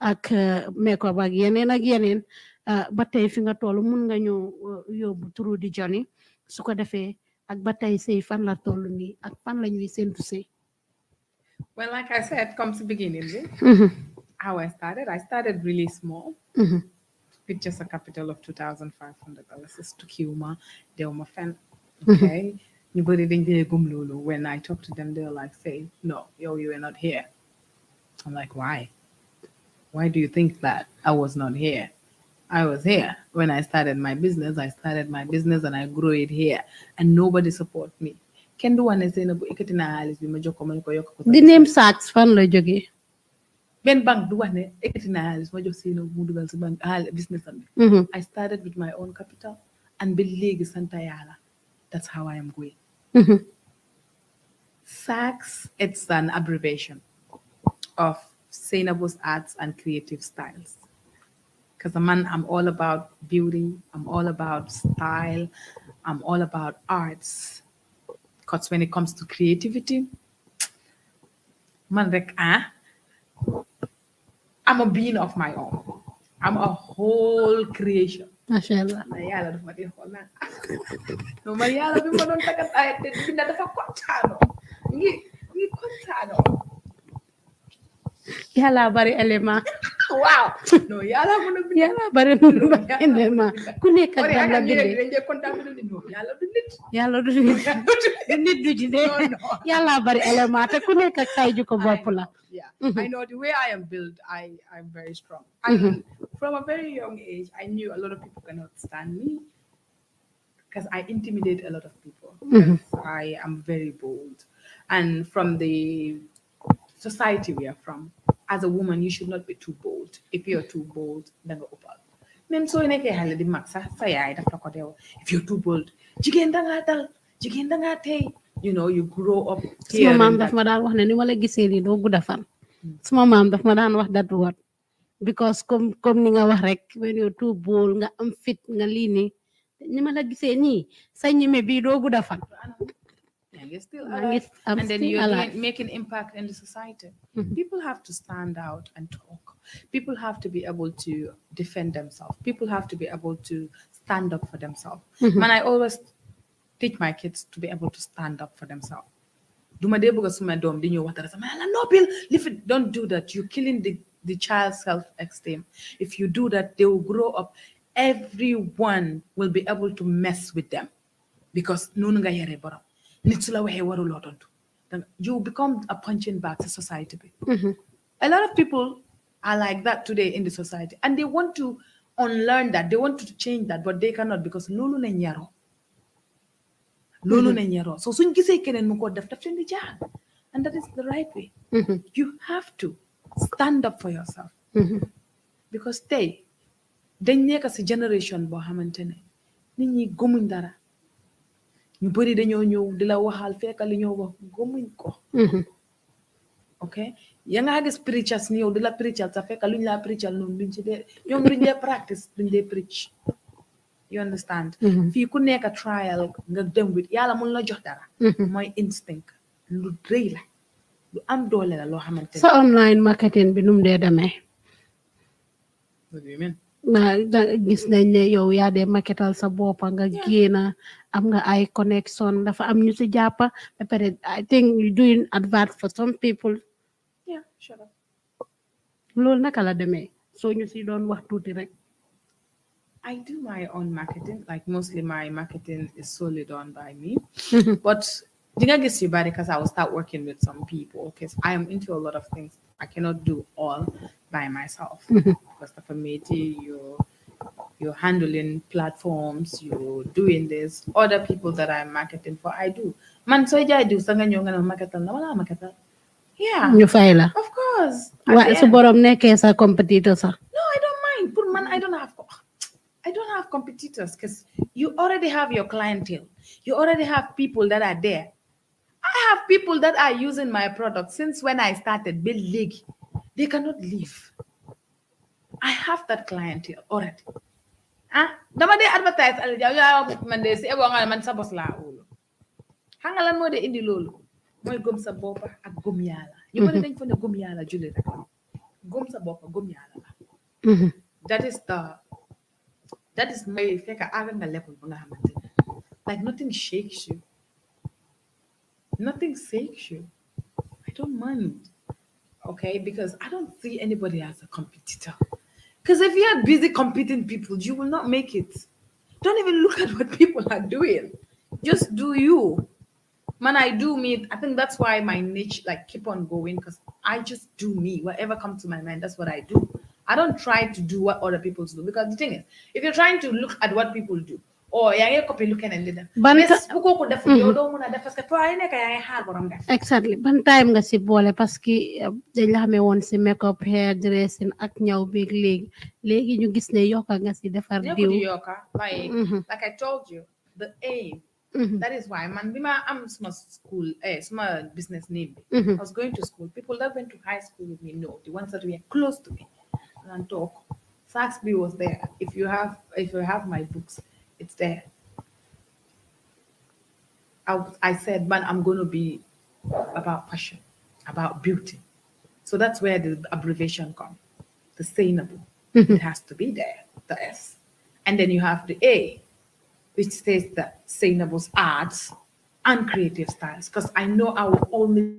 Speaker 3: ak uh, makeup ak yeneen ak yeneen uh, ba tey fi nga toll mun nga ñëw uh, yóbbu turu di joni su ko defee ak ba tey sëy fan la toll nii ak fan la ñuy séntu sëy
Speaker 4: Well, like I said, comes the beginning.
Speaker 3: Mm -hmm. How I
Speaker 4: started, really small mm -hmm. with just a capital of two Fen. Mm-hmm. Okay. Mm -hmm. Nobody didn't When I talk to them, they're like, say, no, yo, you are not here. I'm like, why? Why do you think that I was not here? I was here when I started my business. I started my business and I grew it here, and nobody support me. Can do wane seen bu ikkati naa xaalis bi The jox business mm-hmm. I started with my own capital and believe léegi santa yàlla that's how I am going. Mm-hmm. SACS it's an abbreviation of sustainable arts and creative styles. Because I'm, I'm all about beauty, I'm all about style, I'm all about arts. Because when it comes to creativity, man, like, ah, I'm a being of my own. I'm a whole creation. macha na yàlla dafa ma di xool naa non man yàlla bi ma doon tagat ay te
Speaker 3: yala bari elema. waaw No yala mën a yàlla bari élément ku nekk ak la
Speaker 4: bindee
Speaker 3: yàlla du nit du nit du ji de Yala bari élément te ku nekk ak say ju ko bopp la
Speaker 4: I mm-hmm. know the way I am built, I I'm very strong.
Speaker 3: I mm-hmm. mean,
Speaker 4: from a very young age, I knew a lot of people cannot stand me because I intimidate a lot of people. Mm -hmm. I am very bold, and from the society we are from, as a woman, you should not be too bold. If you're too bold, then go up. Même soo nekkee xale di maksa, sax sa yaay daf la if you're too bold jigéen dangaa dal jigéen dangaa te. you know you grow up suma maam daf wah
Speaker 3: daan ni ma la gisee do gudafan. gudda hmm. suma maam daf word because kom kom ni nga wah rek when you're too bold nga unfit fit nga lini. nii ni ma say ni, say ni ñime bii
Speaker 4: You're still alive. I'm and then you make an impact in the society. Mm -hmm. People have to stand out and talk. People have to be able to defend themselves. People have to be able to stand up for themselves. Mm -hmm. And I always teach my kids to be able to stand up for themselves. Duma de don't do that you're killing the the child's self esteem if you do that they will grow up everyone will be able to mess with them because noonu nga nit su la waxee waruloo tontu you become a punching bag to society bi mm-hmm. a lot of people are like that today in the society and they want to unlearn that they want to change that but they cannot because loolu nañ yaroo loolu mm-hmm. nañ yaroo so soon gisee keneen mu ko def daf leen di and that is the right way mm-hmm. you have to stand up for yourself because they, dañ nekk si generation boo xamante ne nit ñi gëmuñ ñu bëri dañoo ñëw di la waxal fekka li ñoo wax gëmuñ ko mm-hmm. ok yaa nga gis preachers ni yow di la preachal sa fekka luñ laa preachal noonu luñ ci dee ñoom luñ dee practice luñ dee preach you understand mm-hmm. fii ku nekk trial nga dem wit yàlla mun la jox dara mm-hmm. mooy instinct lu rëy la am doole la loo xamante
Speaker 3: sa online marketing bi num dee demee na gis nañ ne yow yaa dee maketal sa boppa nga génna am nga ay connection dafa am ñu si jàppa ba pare I think you doing advert for some people Yeah, sure. loolu naka la demee soo ñu si doon wax tuuti rek
Speaker 4: I do my own marketing like mostly my marketing is solely done by me but the guy gets you bad because I will start working with some people because I am into a lot of things. I cannot do all by myself.
Speaker 3: because
Speaker 4: the committee, you you're handling platforms, you're doing this. Other people that I'm marketing for, I do. Man, so I do. Sangan yung ganun market na wala market
Speaker 3: Yeah. You fail. Of
Speaker 4: course.
Speaker 3: What so bottom neck is a competitor, sir? No,
Speaker 4: I don't mind. Put man, I don't have I don't have competitors because you already have your clientele. You already have people that are there I have people that are using my product since when I started Build League. They cannot leave. I have that clientele already. Ah, dama day advertise al jaw ya man day ci ebo nga man sabos boss la wolu. Xam mo de indi lolo. Mo gum sa bop ak gom yalla. Ñu bari mm-hmm. dañ fa ne gom yalla julli rek. Gom sa bop gom yalla mm-hmm. That is the that is my fekk ak nga level Like nothing shakes you. Nothing shakes you. I don't mind. Okay, because I don't see anybody as a competitor. Because if you are busy competing people, you will not make it. Don't even look at what people are doing. Just do you. Man, I do me. I think that's why my niche like keep on going because I just do me. Whatever comes to my mind, that's what I do. I don't try to do what other people do because the thing is, if you're trying to look at what people do, oo oh, yaa ngi copy lu keneen li def
Speaker 3: ban bu mhm. def a ban nga si boole parce eh, que dañ la xamee woon si make up dressing ak ñaw bi léegi léegi ñu gis ne yokka nga si defar diw di yokka
Speaker 4: waaye mhm. like I told you the aim mhm. eh, people that went to high school with me know the ones that were was there if you have my books It's there. I, I said, man, I'm going to be about fashion, about beauty. So that's where the abbreviation comes. The sustainable. Mm-hmm. it has to be there, the S. And then you have the A, which says that sustainable arts and creative styles. Because I know I will
Speaker 1: only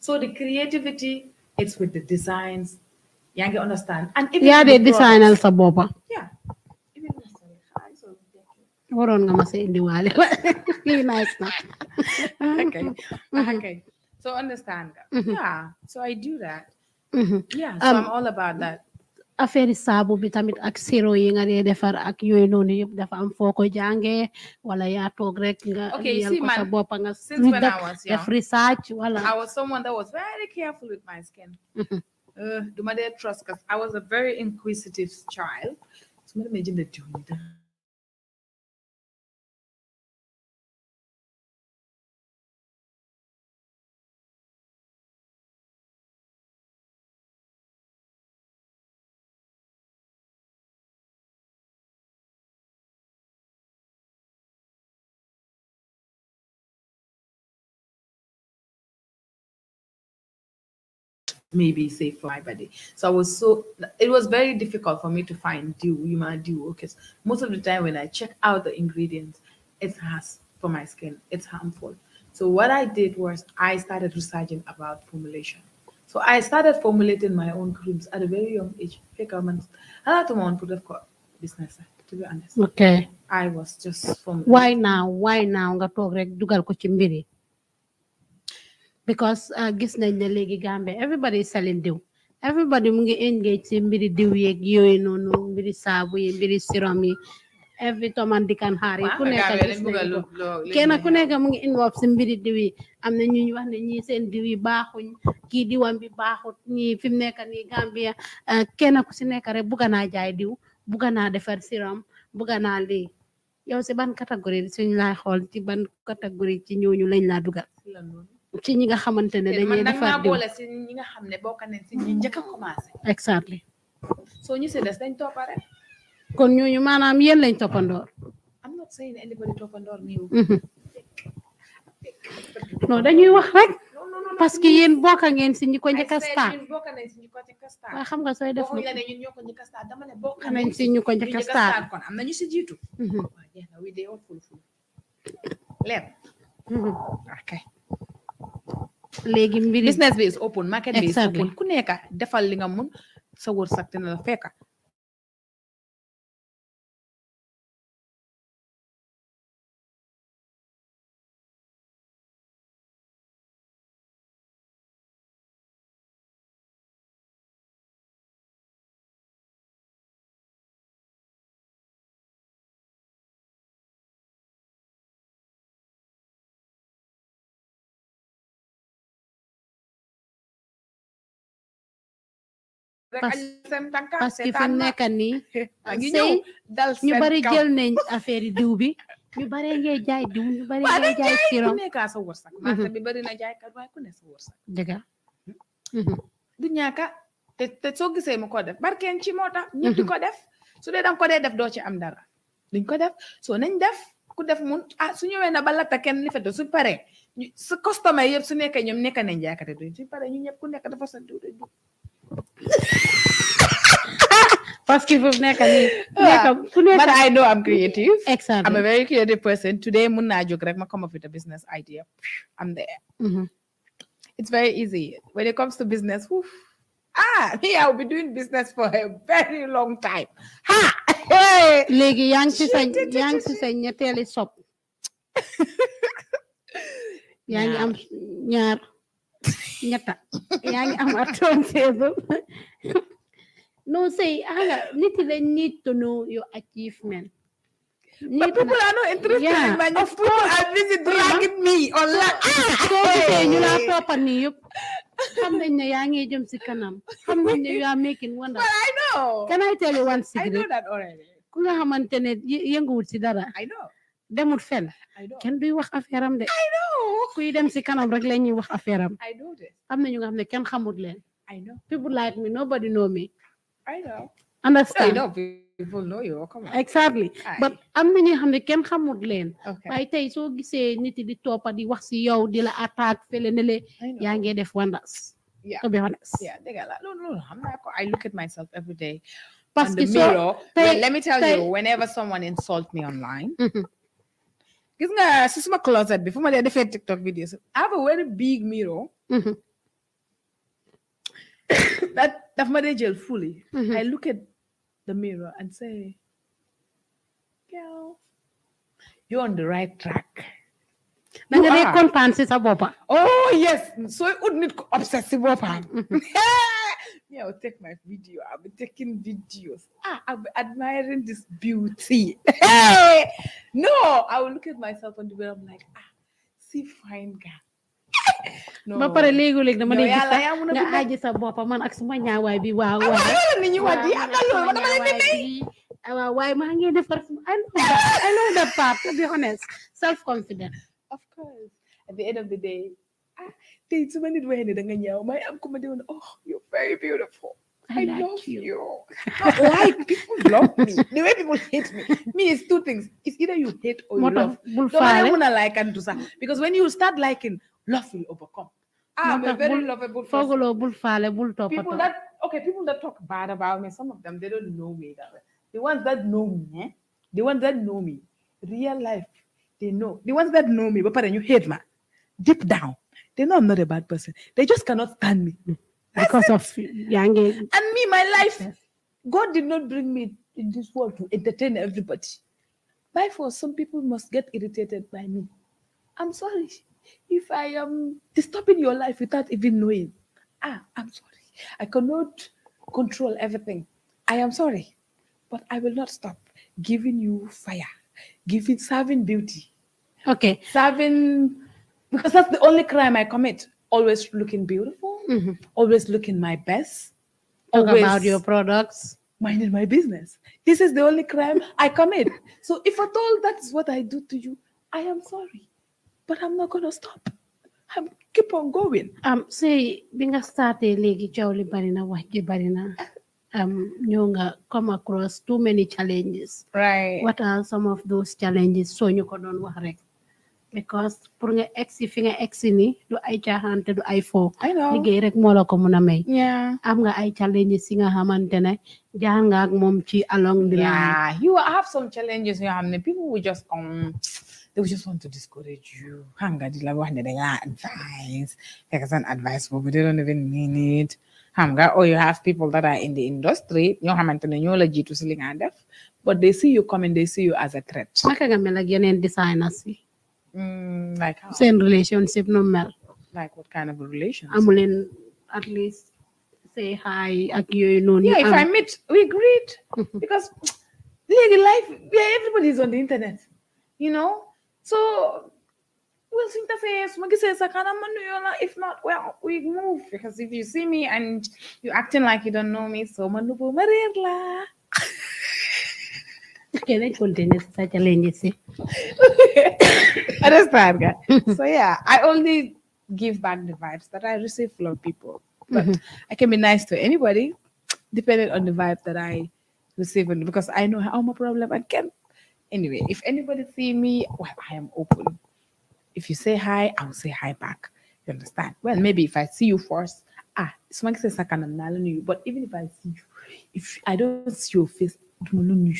Speaker 1: So the
Speaker 4: creativity, it's with the designs. Yeah, you understand. And yeah, the, the design al sa bopa. Yeah.
Speaker 3: Waron nga masa indiwale. Really nice na. okay. Mm-hmm. Okay.
Speaker 4: So understand Mm -hmm. Yeah. So I do that. Mm -hmm. Yeah. So um, I'm all about
Speaker 3: that. affaire saabu bi tamit ak siro yi nga dee defar ak yooyu noonu yëpp dafa am foo ko jàngee wala yaa toog rek nga yal ko sa bopp nga def research wala I was
Speaker 4: someone that was very careful with my skin mhm. uh, duma dee trust because I was a very inquisitive child
Speaker 1: maybe say for my day. So I was so it was very difficult for me to find
Speaker 4: do Wima do? because most of the time when I check out the ingredients, it's has for my skin, it's harmful. So what I did was I started researching about formulation. So I started formulating my own creams at a very young age. Fake almonds. I had to want to business to be honest. Okay. I was just from Why
Speaker 3: now? Why now? Nga talk rek dugal ko ci mbiri. because uh, gis nañ ne léegi Gambia everybody is selling diw everybody mu ngi engage ci mbiri diw yeeg yooyu noonu mbiri saabu yi mbiri sirom yi every Tom and Dick and Harry kenn ku nekk mu ngi involve si mbiri diw yi am na ñu wax ne ñii seen diw yi baaxuñ kii diwam bi baaxut ñii fi mu nekk nii Gambia uh, kenn ku si nekk rek bugga naa jaay diw bugga naa defar sirom bugga naa lii yow si ban catégorie suñ laay xool ci ban catégorie ci ñooñu lañ laa dugal ci ñi nga xamante ne dañuy defar diw man
Speaker 4: xam ne bokk nañ si ñi njëkk a commencé. soo ñu si des dañ toppa
Speaker 3: kon ñooñu maanaam yéen lañ toppandoor.
Speaker 4: am na saytu ne anybody toppandoor nii mm-hmm.
Speaker 3: non dañuy wax rek. parce que yéen bokk ngeen si ñi ko njëkk a star. waaye xam nga sooy def bokk nañ si ñu ko njëkk a am na ñu si jiitu. Mm-hmm.
Speaker 4: leer. Mm-hmm. ok. léegi mbiri business bi is open market bi is open ku
Speaker 1: nekk defal li nga mun sa wërsëg dina la fekka
Speaker 4: rek añ seen tànka parce que fi mu nekk
Speaker 1: nii
Speaker 3: ah, sëy bari jël affaire yi diw bi ñu bare ngay jaay diw ñu bare ngay jaay sirom ku nekka
Speaker 4: sa wërsëg mhm. marché bi bari na jaaykat waaye ku ne sa wërsëg
Speaker 3: dëgg
Speaker 1: mhm.
Speaker 4: du ñaaka te te soo mu ko def barkeen ci moo tax ñëpp di mhm. ko def su dee danga ko dee def doo ci am dara duñ ko def soo nañ def ku def mun ah su ñëwee na ba latta kenn li fete su paree su customer yëpp su nekkee ñoom nekka nañ jaaykate duñ su paree ñu ñëpp ku nekk dafa sa diw diw
Speaker 3: Paske foofu nekk
Speaker 4: nii. nekk fu nekk I know I'm creative. Excellent. I'm a very creative person today mun naa jóg come up with a business idea I'm there. Mm-hmm. It's very easy when it comes to business. Woof, ah me I'll be doing business for a very long time ha
Speaker 3: léegi yaa ngi ci sa yaa ngi ci sa ñetteeli sob
Speaker 1: yaa am
Speaker 3: ñaar ñetta yaa ngi am attention no say hala nitile need to know your achievement but people are not interested yeah, in my of people course. are busy dragging me online. soo gisee ñu laa toppa ni yëpp xam nañ ne yaa ngi jëm si kanam xam nañ ne you are making wonder but I know can I tell you one secret I know that already ku nga xamante ne yënguwul si dara I know demul fenn kenn duy wax affaire am de kuy dem si kanam rek la ñuy wax affaire am am na ñu nga xam ne kenn xamut leen people like me nobody know me understand exactly but am na ñu xam ne kenn xamut leen waaye tey soo gisee nit yi di toppa di wax si yow di la attaque fele ne le yaa ngi def wonders
Speaker 4: to be honest I look at myself every day
Speaker 3: parce the mirror.
Speaker 4: let me tell you whenever someone insults me online mm-hmm gis nga si suma closet bi fu ma dee defee TikTok videos I have a very big mirror. Mm-hmm. that daf ma dee jël fully. Mm-hmm. I look at the mirror and say, girl, you're on the right track. da nga dee kontaan si sa boppa. oh yes sooy ut nit ko obsessive boppam.
Speaker 3: Mm-hmm.
Speaker 4: me, I'll take my video. I'll be taking videos. Ah, I'll be admiring this beauty. no, I will look at myself on the way. I'm like, ah, see fine girl.
Speaker 1: No. ba pare léegi léegi dama dee gis
Speaker 4: nga
Speaker 3: aji sa bopp man ak suma ñaawaay bi waaw waaw nit ñi wax di ak loolu dama leen di waaw waaye maa ngi defar suma I know that I know that to be honest self confident
Speaker 4: of course at the end of the day ah tey su ma nit it ne da nga ñaaw may am oh you're very beautiful. I, I like love you. you. Not like people love me. The way people hate me. Me is two things. It's either you hate or you love. love. Don't wanna like and do that. Because when you start liking, love will overcome. Ah, I'm a very lovable
Speaker 3: person. People that
Speaker 4: okay, people that talk bad about me, some of them they don't know me that The ones that know me, eh? the ones that know me, real life, they know. The ones that know me, but you hate me. Deep down, they know I'm not a bad person. They just cannot stand me. Mm. Because of of age. And me, my life. God did not bring me in this world to entertain everybody. By force, some people must get irritated by me. I'm sorry if I am disturbing your life without even knowing. Ah, I'm sorry. I cannot control everything. I am sorry, but I will not stop giving you fire, giving serving beauty. Okay. Serving because that's the only crime I commit. Always looking beautiful, mm-hmm. always looking my best. Talk about your products. Minding my business. This is the only crime I commit. So if at all that is what I do to you, I am sorry,
Speaker 3: but I'm not gonna stop. I'm keep on going. Um, say binga started legi jawli barina waji barina. Um, you come across too many challenges. Right. What are some of those challenges? So you can rek. because pour nga ex fi nga ex ni du ay caaxaan te du ay fo liggéey rek mo la ko mun a may am nga ay challenge si nga xamantene nga ak mom ci along the line yeah
Speaker 4: you have some challenges ya. people will just um they will just want to discourage you hanga di la wax ne da nga advice fekk an advice but they don't even mean it xam or you have people that are in the industry ñoo xamantene ñoo la jitu ci li nga def but they see you coming they see you as a threat
Speaker 3: naka nga mel ak yeneen designers
Speaker 4: Mm,
Speaker 3: like how? Same relationship, no mel. Like what kind of a relationship? willing, at least say hi, you know. Yeah, if I meet, we greet because
Speaker 4: lady life, yeah, everybody's on the internet, you know. So we'll interface. If not, well, we move because if you see me and you're acting like you don't know me, so manubo
Speaker 3: okay, then continue such a lane, you Understand, guys. so yeah, I only give back the vibes that I receive from people. But mm-hmm.
Speaker 4: I can be nice to anybody, depending on the vibe that I receive, because I know how my problem I can. Anyway, if anybody see me, well, I am open. If you say hi, I will say hi back. You understand? Well, maybe if I see you first, ah, someone says I can you. But even if I see you, if I don't see your face, you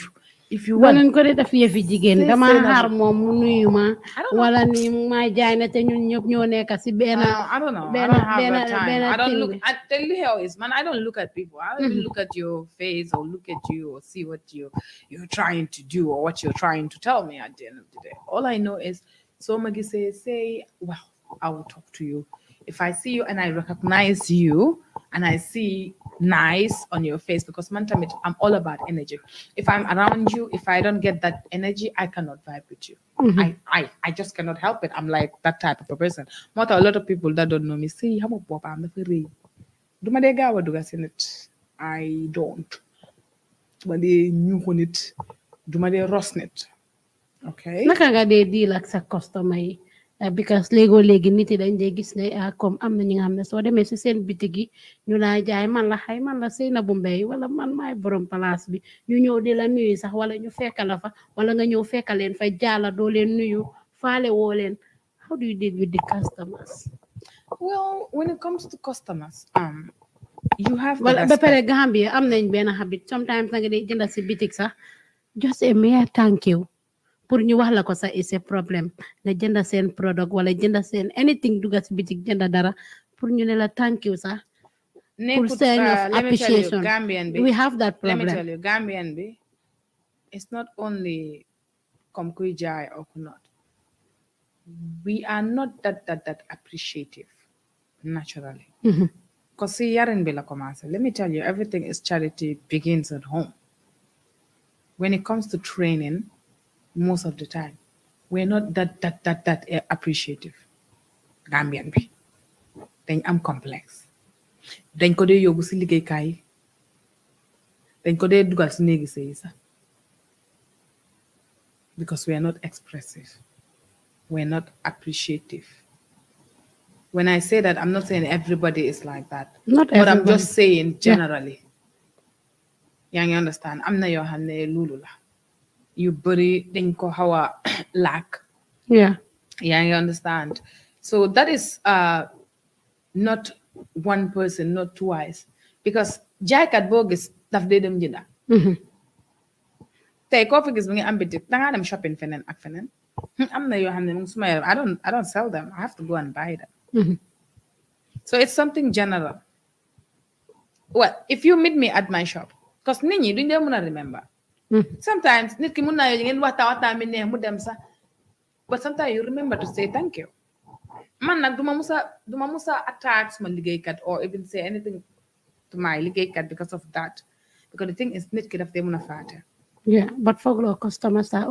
Speaker 3: if you want ko dee def yëfi jigéen dama xaar moom mu nuyu ma wala ni ma jaay na te ñun ñëpp ñoo nekk si benn uh, benn benn I don't look.
Speaker 4: tell you how is man I don't look at people I don't mm-hmm. look at your face or look at you or see what you you're trying to do or what you're trying to tell me at the end of the day all I know is so ma gisee say wow I will talk to you if I see you and I recognize you and I see nice on your face because Manta, i'm all about energy if i'm around you if i don't get that energy i cannot vibe with you mm-hmm. I, I i just cannot help it i'm like that type of a person Manta, a lot of people that don't know me see how much i'm the free i don't when they new on it do my rosnet okay naka
Speaker 3: nga dee deal ak sa customer Eh, because léegoo léegi nit yi dañ dee gis ne ah, comme am na ñi nga xam ne soo demee si seen bitig yi ñu laa jaay man la xay man la sëy na bu mbey wala man maay borom place bi ñu ñëw di la nuyu sax wala ñu fekka la fa wala nga ñëw fekka leen fa jaala doo leen nuyu faale woo leen how do you deal with the customers
Speaker 4: well when it comes to customers um
Speaker 3: you have ba pare Gambia am nañ benn habit sometimes nga dee jënda si bitig sax just a mere thank you pour ñu wax la ko sax c'est problème nga jënd seen product wala jënd seen anything duga si bitik jënd dara pour ñu ne la thank you sax pour sign uh, of appreciation we have that problem let me tell you
Speaker 4: Gambian bi it's not only comme kuy jaay or not we are not that that that appreciative naturally mm-hmm. because see yarin bi la commencé let me tell you everything is charity begins at home when it comes to training most of the time. We're not that that that that eh, appreciative. Gambian bi i am complex. Then, ko dee yóbbu si liggéeykaay yi dañ ko dee dugal si néegi sëy sax because we are not expressive we are not appreciative when I say that I'm not saying everybody is like that not everybody but I'm just saying generally Yeah. yaa you understand i am not your hand. Lulula you bury dinko hawa lack. Yeah. Yeah, you understand. So that is uh not one person, not twice. Because Jack at boo gis daf dee dem jënda mm-hmm. tey koo fi gis am bitik dangaa dem shopping feneen ak feneen hmm, am not yoo xam ne I don't I don't sell them I have to go and buy them mm-hmm. so it's something general well if you meet me at my shop because nit do duñ dee remember Hmm. sometimes nit ki mun naa yoo ngeen waxtaan waxtaan bi neex mu dem sax but sometimes you remember to say thank you man nag duma musa duma musa attack liggéeykat or even say anything to my liggéeykat because of that because the thing is nit ki daf dee mun a faate
Speaker 3: yeah but fogloo customers are customers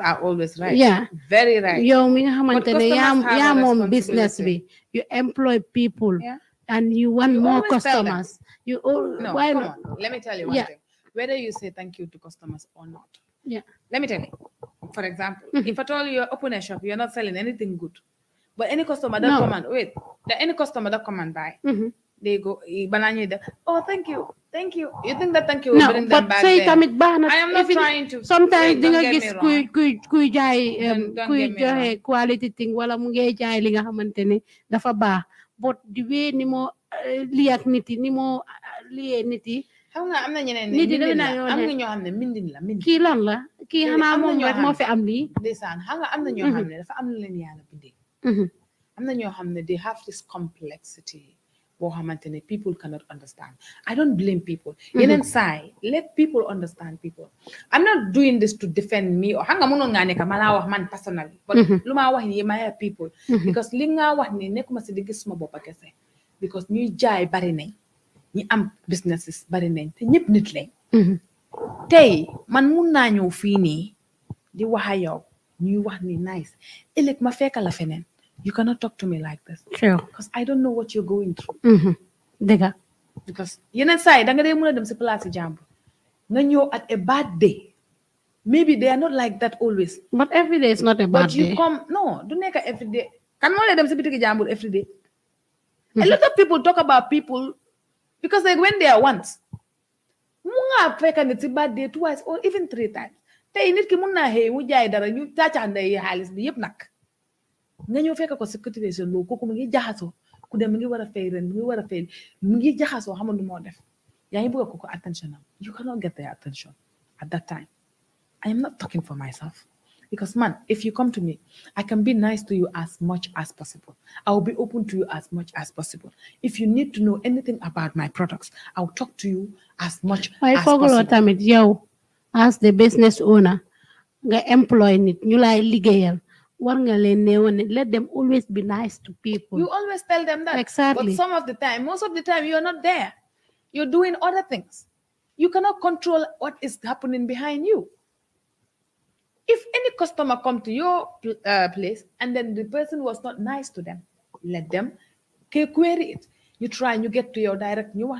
Speaker 4: are always right yeah
Speaker 3: very right yow mi nga xamante ne yaa moom business bi you employ people and you want you more customers. You all, no, why come not? on. Let me tell you one yeah. thing.
Speaker 4: Whether you say thank you to customers or not. Yeah. Let me tell you. For example, mm -hmm. if at all you open a shop, you're not selling anything good, but any customer that no. come and wait, that any customer that come and buy, mm -hmm. they go, eh, oh, thank you,
Speaker 3: thank you. You think that thank you will no, bring them back? Say tamit ba, I am not trying to. Sometimes di nga gis kuy kuy kuy jaay um, kuy joxe quality thing wala mu ngay jaay li nga dafa baax. but the way ni moo eh, lii ak nit yi ni moo eh, liyee nit yi. xam nga am na ñeneen nit yi dem na am na ñoo
Speaker 4: xam ne mindin la mindin kii
Speaker 3: lan la kii xanaa moom rek moo fi am lii. ndeysaan
Speaker 4: xam nga am na ñoo mhm. xam ne dafa am na leen yàlla bindee. Mhm. na ñoo xam ne they have this complexity. boo xamante ne people cannot understand I don't blame people. Mm-hmm. yeneen saay let people understand people. I'm not doing this to defend me or xam nga mënoon ngaa nekk ma laa wax man personally. but mm-hmm. lu maa wax nii maa people. Mm-hmm. because li nga wax ni nekkuma si di gis suma boppa kese. because ñuy jaay bari nañ ñi am businesses bari nañ te ñëpp nit lañ. tey man mun naa ñëw fii di wax a yow wax ni nice ëllëg ma fekk feneen. you cannot talk to me like this. True. Because I don't know what you're going through. Mm-hmm. Dega. Because you saa say, da nga dee mën dem si jambo." When you're at a bad day maybe they are not like that always. but every day is not a bad day. but you come no don't make every day kan moo lay dem si bitiki every day. a mm-hmm. lot of people talk about people because like when they are once mu nga can nit si bad day twice or even three times tey nit ki mun hey wujai mu you touch and they day xaalis bi yëpp nag nga ñëw fekk ko cultivation kooku mu ngi jaxasoo ku dem mu ngi war a fay ren mu ngi war a fay mu ngi jaxasoo moo def yaa ngi bëgg kooku attention am you cannot get their attention at that time I am not talking for myself because man if you come to me I can be nice to you as much as possible I will be open to you as much as possible if you need to know anything about my products I will talk to you as much as possible
Speaker 3: tamit yow as the business owner nga employ nit ñu lay liggéeyal one nga leen let them always be nice to people. You always tell them that. Exactly. But some of the time, most of the time, you're not there. You're doing other things. You cannot
Speaker 4: control what is happening behind you. If any customer come to your uh, place and then the person was not nice to them, let them query it. You try and you get to your direct new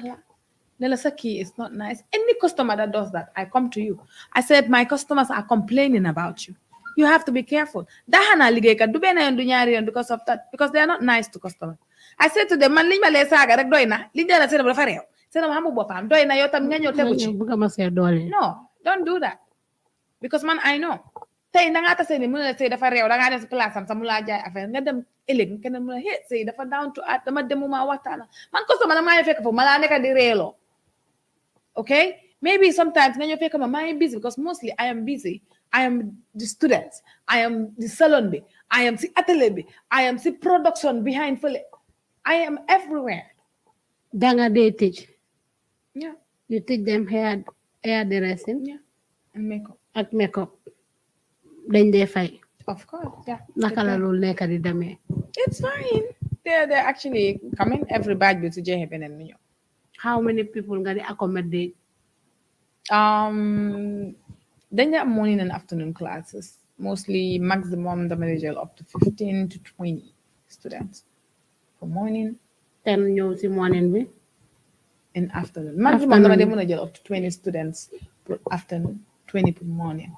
Speaker 4: Nelasaki is not nice. Any customer that does that, I come to you. I said, my customers are complaining about you you have to be careful daxanaa liggéeykat du benn yoon du ñaari because of that because they are not nice to customers. I said to them man liñ ma lee saaga rek doy na liñ dee na seen dafa réew seen ma xamu boppam doy na yow tam nga ñëw tegu ci bëgg ma se doole no don't do that because man I know tey da ngaa tase ni mu se sëy dafa réew da ngaa dem si place am samula mu afen. jaay affaire nga dem ëllëg keneen mu ne hé sëy dafa down to at. dama demuma watana. man customer ma maa ngi fekk foofu ma di réeloo ok maybe sometimes nga ñëw fekk ma maa busy because mostly I am busy I am the students, I am
Speaker 3: the salon, bi. I am the atelier, bi. I am the production behind Philip. I am everywhere. Danga they teach. Yeah. You teach them hair hair dressing. Yeah. And makeup. Ak makeup. Then they fight. Of course, yeah. Nakala
Speaker 4: It's fine. They're they're actually coming every bad beauty J happen and How many people gonna accommodate? Um then there are morning and afternoon classes, mostly maximum the manager up to 15 to 20 students for morning. Then you see morning we and afternoon. Maximum afternoon. the manager up to 20 students per afternoon, 20 per morning.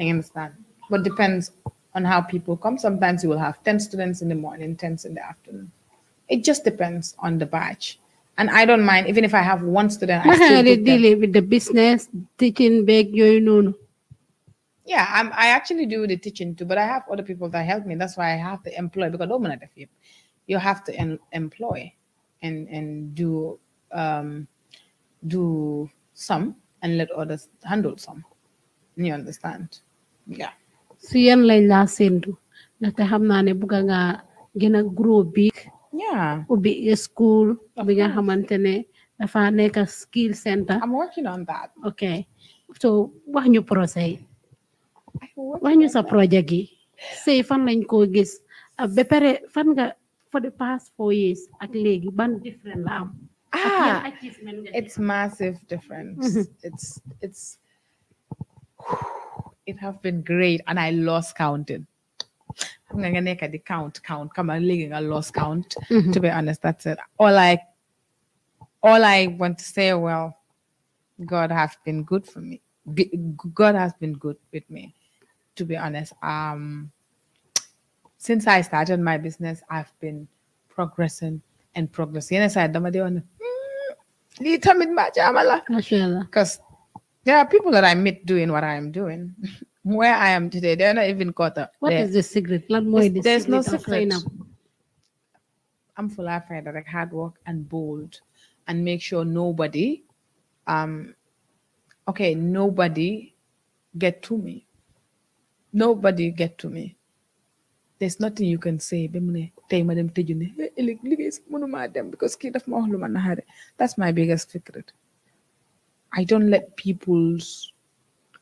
Speaker 4: I understand. But depends on how people come. Sometimes you will have 10 students in the morning, 10 in the afternoon. It just depends on the batch. And I don't mind, even if I have one student. I still
Speaker 3: deal with the business, teaching, bake, you know.
Speaker 4: Yeah, I'm, I actually do the teaching too, but I have other people that help me. That's why I have to employ because don't matter if you have to employ and and do um, do some and let others handle some. You understand? Yeah.
Speaker 3: si yan lañ laa séntu ndaxte xam na ne bugga nga gën a grow big ubbi school bi nga xamante ne neka nekk skill center I'm working on that okay so what ñu procès wax you sa projet gi say fan lañ koo gis ah, ba pare fan nga for the past four years ak léegi ban different la am ah it's massive
Speaker 4: difference mm-hmm. it's it's it have been great and I lost counting I'm nga nga nekk di count count xam nga léegi nga lost count mm-hmm. to be honest that's it all I all I want to say well God has been good for me God has been good with me to be honest. Um, since I started my business, I've been progressing and progressing. And I do hmm, I'm doing little bit much, because there are people that I meet doing what I am doing. Where I am today, they're not even caught up. What there. is the secret? Not more there's, the there's secret no secret. I'm full of that like hard work and bold and make sure nobody um okay, nobody get to me nobody get to me there's nothing you can say because that's my biggest secret I don't let people's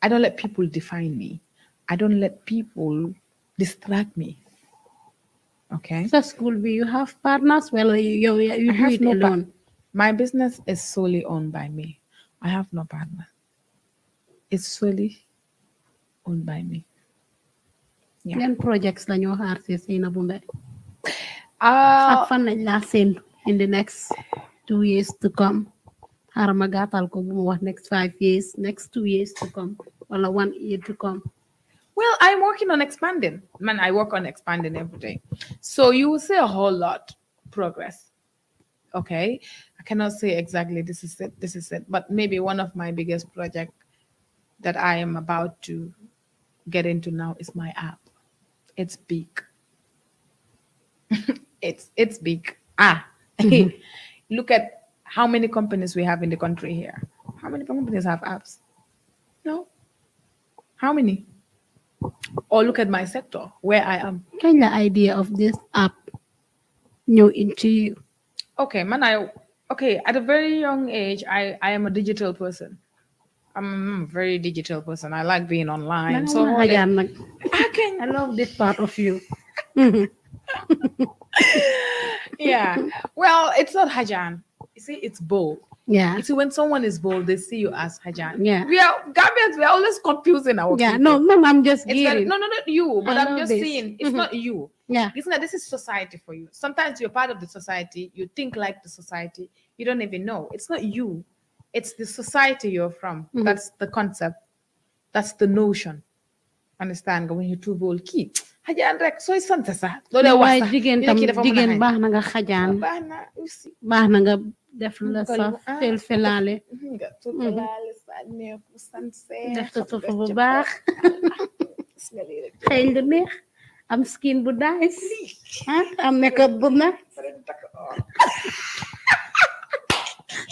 Speaker 4: I don't let people define me I don't let people distract me okay so school do you have partners well you, you, you do have it no alone my business is solely owned by me I have no partner
Speaker 3: it's solely owned by me yeah. projects lañoo you si Saina Bumbe. Ah. ak fan lañ laa seen in the next two years to come. xaaral ma gàttal next five years next two years to come or one year to come. Well, I'm working on expanding. Man,
Speaker 4: I work on expanding every day. So you will see a whole lot progress. Okay. I cannot say exactly this is it, this is it, but maybe one of my biggest project that I am about to get into now is my app its big. it's its big. Ah, mm-hmm. look at how many companies we have in the country here. How many companies have apps?
Speaker 3: No. How many?
Speaker 4: Or look at my sector where I am.
Speaker 3: Kinda idea of this app new into you?
Speaker 4: Okay, man. I okay at a very young age. I I am a digital person. I'm a very digital person. I like being online. No, so no, I, am
Speaker 3: like, I can. I love this part of you. yeah. Well,
Speaker 4: it's not Hajan. You see, it's bold. Yeah. You see, when someone is bold, they see you as Hajan. Yeah. We are Gambians. We are always confusing our. Yeah. People.
Speaker 3: No, no, I'm just. It's like, no,
Speaker 4: no, not you. But I am just this. saying, it's mm-hmm. not you. Yeah. It's not. This is society for you. Sometimes you're part of the society. You think like the society. You don't even know. It's not you. It's the society you're from. Mm-hmm. That's the concept. That's the notion. Understand nga ñu tuubóol kii xajaan rek sooy sant sax loolu la wax sax jigéen tam jigéen baax na nga
Speaker 3: xajaan baax na nga def la sax fel felaale def sa tuuf bu baax xëy lu neex am skin bu nice am makeup bu na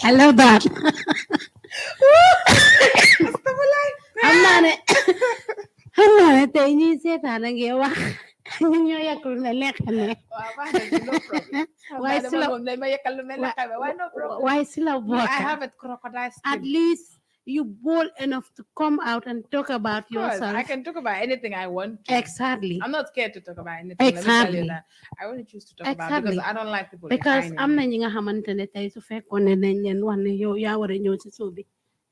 Speaker 3: I love that. xam naa ne xam naa ni tey ñuy seetaan ak yow wax ñu ñoo yàqul ne lekk ne waaye si la waaye si la bokk you bold enough to come out and talk about yourself. I can
Speaker 4: talk about anything I want.
Speaker 3: To. Exactly. I'm
Speaker 4: not scared to talk about anything. Exactly. I want choose to talk exactly. about because I don't like people. Because
Speaker 3: I'm not nga xamantene tay su fekkone nañ leen wax ne yow yaa war ñëw ci so bi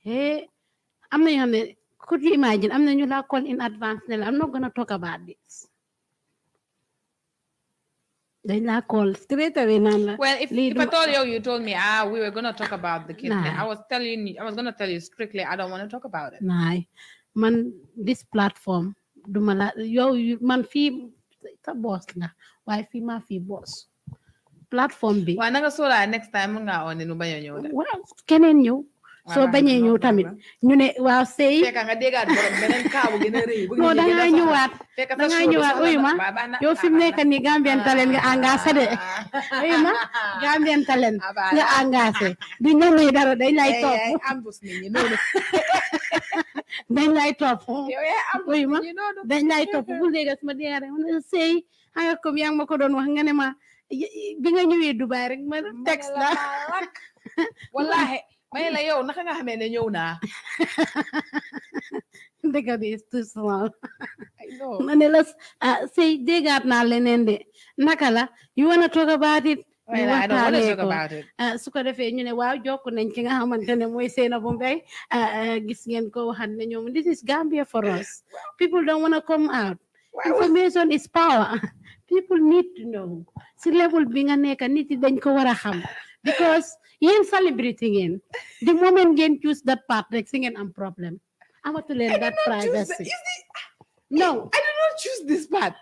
Speaker 3: hey am na could you imagine i am not ñu la call in advance I'm not gonna talk about this then I called straight away. And well, if, if I told you,
Speaker 4: you told me, ah, we were going to talk about the kid. Nah. I was telling you, I was going to tell you strictly, I don't want to
Speaker 3: talk about it. Nah. Man, this platform, you la yow man it's a boss nga why fee my fee boss plateforme bi waaw nanga
Speaker 4: sóoraa next time I'm gonna nu bañ ñëw de
Speaker 3: can you? so bañé ñu tamit ñu ne waaw sëy
Speaker 4: non da ngaa ñëwaat da ngaa ñëwaat ma yow
Speaker 3: fim mu nekk ni gambien Talents nga engagé oy ma gambien Talents ah, nga engagé ñu ñamee dara dañ lay eh, topp eh, eh, dañ lay oy ma dañ lay top bu dégg sama diyaare on sey ay ko ngi ma ko doon wax nga né ma bi nga ñëwé Dubai rek ma text la wallahi may la yow naka nga xamee na. ñëw naa. dëgg bi is too small. ma ne la ah say déggaat naa leneen de Nakala? you wanna talk about it. Well, I don't ñu waxtaanee ko ah, su eh, ah, ah, ko defee ñu ne waaw jokk nañ ki nga xamante ne mooy Sainabou Mbye gis ngeen ko waxaat ne ñoom this is Gambia for us people don't wanna come out. information is power people need to know si level bi nga nekk nit yi dañ ko war a xam because. In celebrating, in the moment ngeen choose that part rek si I am want to learn that privacy no I do not choose this part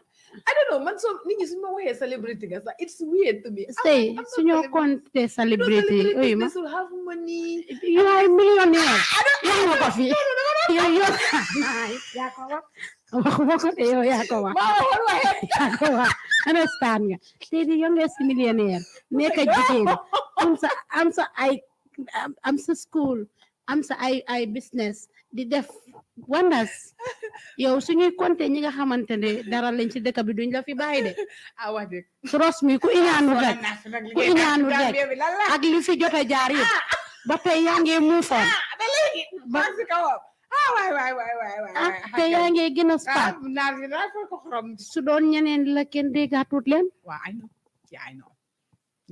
Speaker 4: I don't know man so you know why ma waxee celebrating? nga like, it's weird to me say suñoo
Speaker 3: This will have money. you are a millionaire wax nga ko fi no, yow yaa ko wax yaa ya kowa. yaa kowa. wax understand nga tey di youngest millionaire nekk jigéen am sa am sa ay am sa school am sa ay ay business di def wonders yow suñuy compté ñi nga xamante ne dara lañ ci dëkk bi duñ la fi bàyyi de trust me ku iñaanu rek ku iñaanu rek ak li fi jot a jaar yëpp ba tey yaa ngee muufoon
Speaker 4: ba waay waay waay waay waay ah
Speaker 3: te yaa ngee gën a star ah, naar bi daal foo ko xorom su doon ñeneen la kenn déggaatut leen waaw I know yeah I know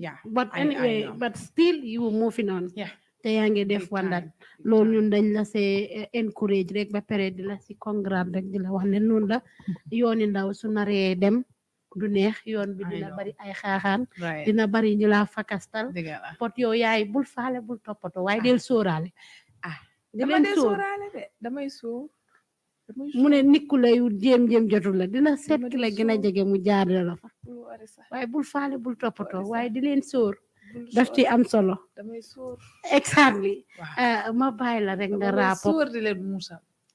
Speaker 3: yeah but anyway but still you moving on yeah te yaa ngi def wandat loolu ñun dañ la see encourage rek ba pare di la si congrats rek di la wax ne noonu la yooni ndaw su naree dem du neex yoon bi dina bari ay xaaxaan dina bari ñu la fakastal pot yow yaay bul faale bul toppatoo waaye del sóoraale ah di leen sóor mu ne nit ku lay jéem jéem jotul la dina seet ki la gën a jege mu jaar la fa waaye bul faale bul toppatoo waaye di leen sóor daf ci am solo exactly ah, ma bàyyi la rek nga rapport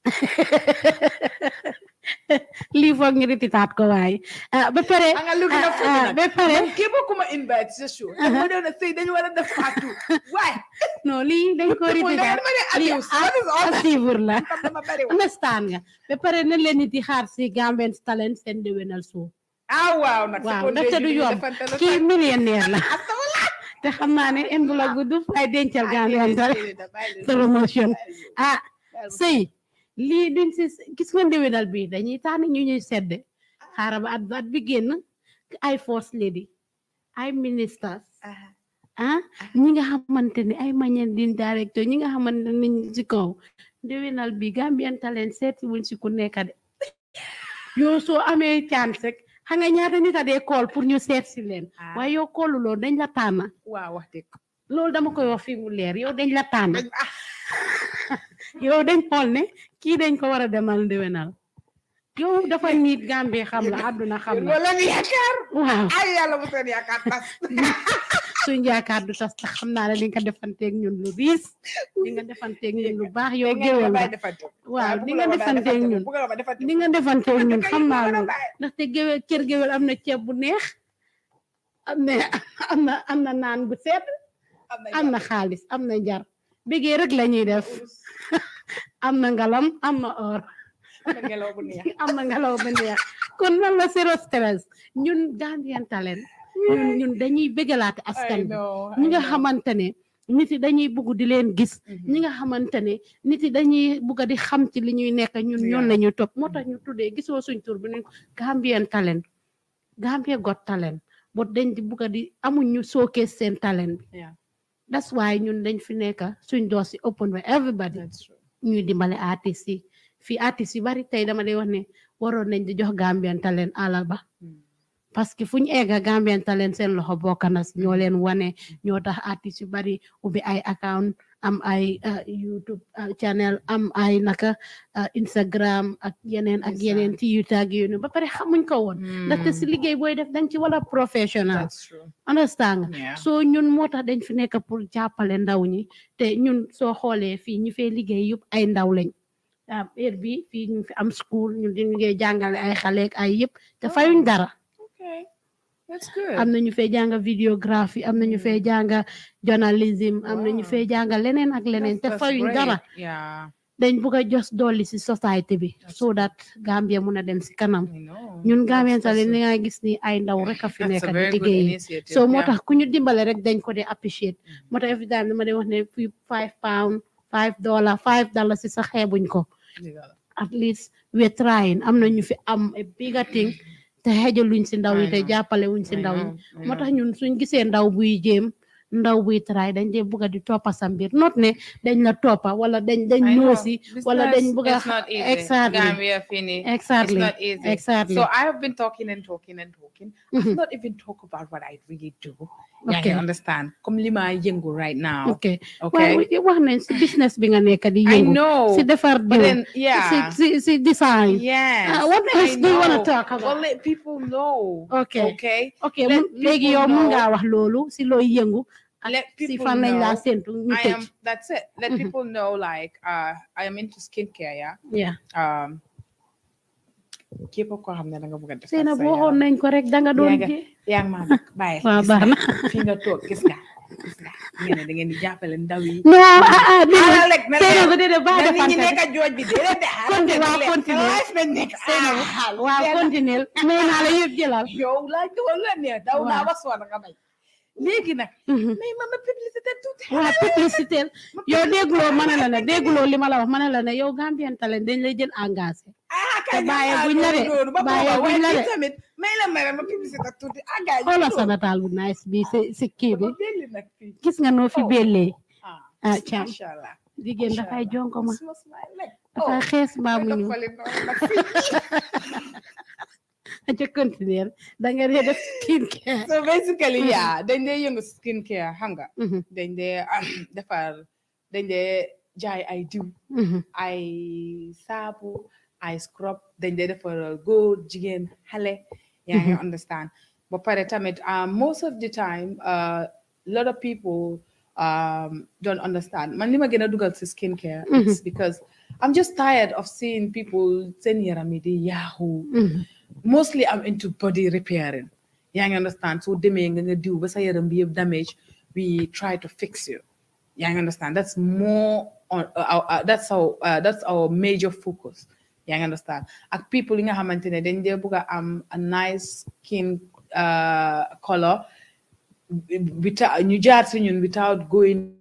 Speaker 3: lii ngiri ti tap ko waaye ba pare ba pare
Speaker 4: képp ku ma invite c'est sûr dama doon a sëy
Speaker 3: dañu war a def partu waaye non li dañ ko li lii asivur la understand nga ba pare na leen di xaar si Gambian Talents seen déwénal suuf ah wow nag waaw ndaxte du yomb kii millionnaire la ah, te xam naa ne ay dencal Gambian Talents promotion ah, ah sëy lii duñ si gis nga bii bi dañuy tànn ñu ñuy sedde xaaral ba at at bi génn ay force lady ay ministers ah ñi nga xamante ne ay managing director ñi nga xamante ne ci kaw ndéwénal bi Gambian Talents seeti wuñ ku nekk de yoo soo amee chance rek xam nga ñaata nit a dee kool pour ñu seet si leen ah. waaye yow koolu loolu dañ la tànn waaw wax dëgg loolu dama koy wax fii mu leer yow dañ la tànn ah. dañ xool ne ki dañ ko wara demal demal ndéwénal yow dafa nit gambe xam la aduna xam la loolu yaakaar waaw ay yalla bu sen yakar tas suñ yakar du tas tax xamna la li nga defante ak ñun lu bis li nga defante ak ñun lu bax yow geewal waaw li nga defante ak ñun li nga defante ak ñun xamna naa ndax te géwél kër geewal amna na bu neex amna amna amna na naan bu sedd amna na amna jar bege rek lañuy def am na ngalam am na or am na ngelaw bu neex kon lan la zéro stress ñun Gambian Talents ñun ñun dañuy bégalaate askan bi ñi nga xamante ne nit yi dañuy bugg di leen gis mm-hmm. ñi nga xamante ne nit yi dañuy bugg di xam ci li ñuy nekk ñun ñoon la ñuy topp moo tax ñu tuddee gisoo suñ tur bi ñu Gambian Talents Gambia Got Talent bot dañ di bugg di amuñ ñu showcase seen talent bi that's why ñun dañ fi nekk suñ door si open ba everybody ñuy dimbale artistes yi fii artistes yu bari tey dama lay wax ne waroon nañ di jox Gambian Talents alal ba hmm. parce que fu ñu egga Gambian Talents seen loxo bokk na ñoo leen wane ñoo tax artistes yu bari ubbi ay account am ay uh, YouTube uh, channel am ay naka uh, Instagram ak yeneen ak yeneen ci yu tag yu ba pare xamuñ ko woon hmm. ndaxte si liggéey booy def dang ci wala professional understand nga so ñun moo tax dañ fi nekk pour jàppale ndaw ñi te ñun soo xoolee fii ñu fee liggéey yëpp ay ndaw lañ heure bi fii ñu fi am school ñu di ngee jàngale ay xale ak ay yëpp te oh. fayuñ dara am na ñu fee jànga vidéographie am na ñu fee mm. jànga journalism am na ñu fee jànga leneen ak leneen te fayuñ dara dañ bugg a jos dolli si société bi so that Gambia mun a dem si kanam ñun Gambien sax li nga gis ni ay ndaw rek a fi nekk di liggéey so moo tax ku ñu dimbale rek dañ ko dee appreciate mm-hmm. moo tax every time dama dee wax ne fii five pound five dollar five dollar si sax xeebuñ ko at least we trying am na ñu fi am a bigger te xejaluñ si ndaw yi te jàppale wuñ si ndaw yi moo tax ñun suñ gisee ndaw buy jéem ndaw buy taraay dañ dee bugga di toppa sa mbir not ne dañ la toppa wala dañ dañ noosi wala dañ bugga exactly
Speaker 4: exactly exactly so I have been talking and talking and talking I've mm-hmm. not even talk about what I really do yaa ngi understand comme li ma yëngu right now okay
Speaker 3: waaye wax nañ si business bi nga nekk di yëngu si defar diw si si design
Speaker 4: ah, what else do you want to talk about well let people know okay okay léegi yow mun ngaa wax
Speaker 3: loolu si looy yëngu
Speaker 4: let people know. Simple, I am. That's it. Let mm-hmm. people know. Like, uh, I am into
Speaker 3: skincare. Yeah.
Speaker 4: Yeah. Um. képp koo xam ne da nga bëgg a def seen waxoon
Speaker 3: nañ ko rek da nga doon ji yaa ngi maa dëkk bàyyi waaw baax na
Speaker 4: fi nga da ngeen di jàppale ndaw yi non ah ah déedéet seen ko déedéet baax na ñi nekk jooj bi déedéet de continue waaw continue nekk seen waaw continue may naa la yëpp
Speaker 3: jëlal yow laa jëwal la ne daw naa ba soon nga bay léegi nag. mais ma publicité tuuti. waaw publicité ma ne la ne li ma la wax ma ne la ne yow Gambian Talents dañ lay jël engagé. de bàyyi buñ la de tamit nataal bu nice bi si kii bi gis nga noo fi bellee. ah jigéen dafay jonkoma dafay xees mbaa mu ñëw. continue. Then skincare.
Speaker 4: So basically, yeah, then they young skincare hunger. Then they defar. Then they jai I do. Mm-hmm. I sabu. I scrub. Then they for go jigen hale. Yeah, you mm-hmm. understand. But by the time it, um, most of the time, uh, a lot of people um, don't understand. Man, lima gonna do to skincare. It's mm-hmm. because I'm just tired of seeing people saying, "Yaramidi Yahoo." mostly I'm into body repairing. yaa understand So, demee nga nga diw ba sa yaram damage we try to fix you yaa understand that's more on uh, uh, that's our uh, that's our major focus yaa understand At people yi nga xamante ne dañ dee a am a nice skin color Without jaar si
Speaker 1: ñun without going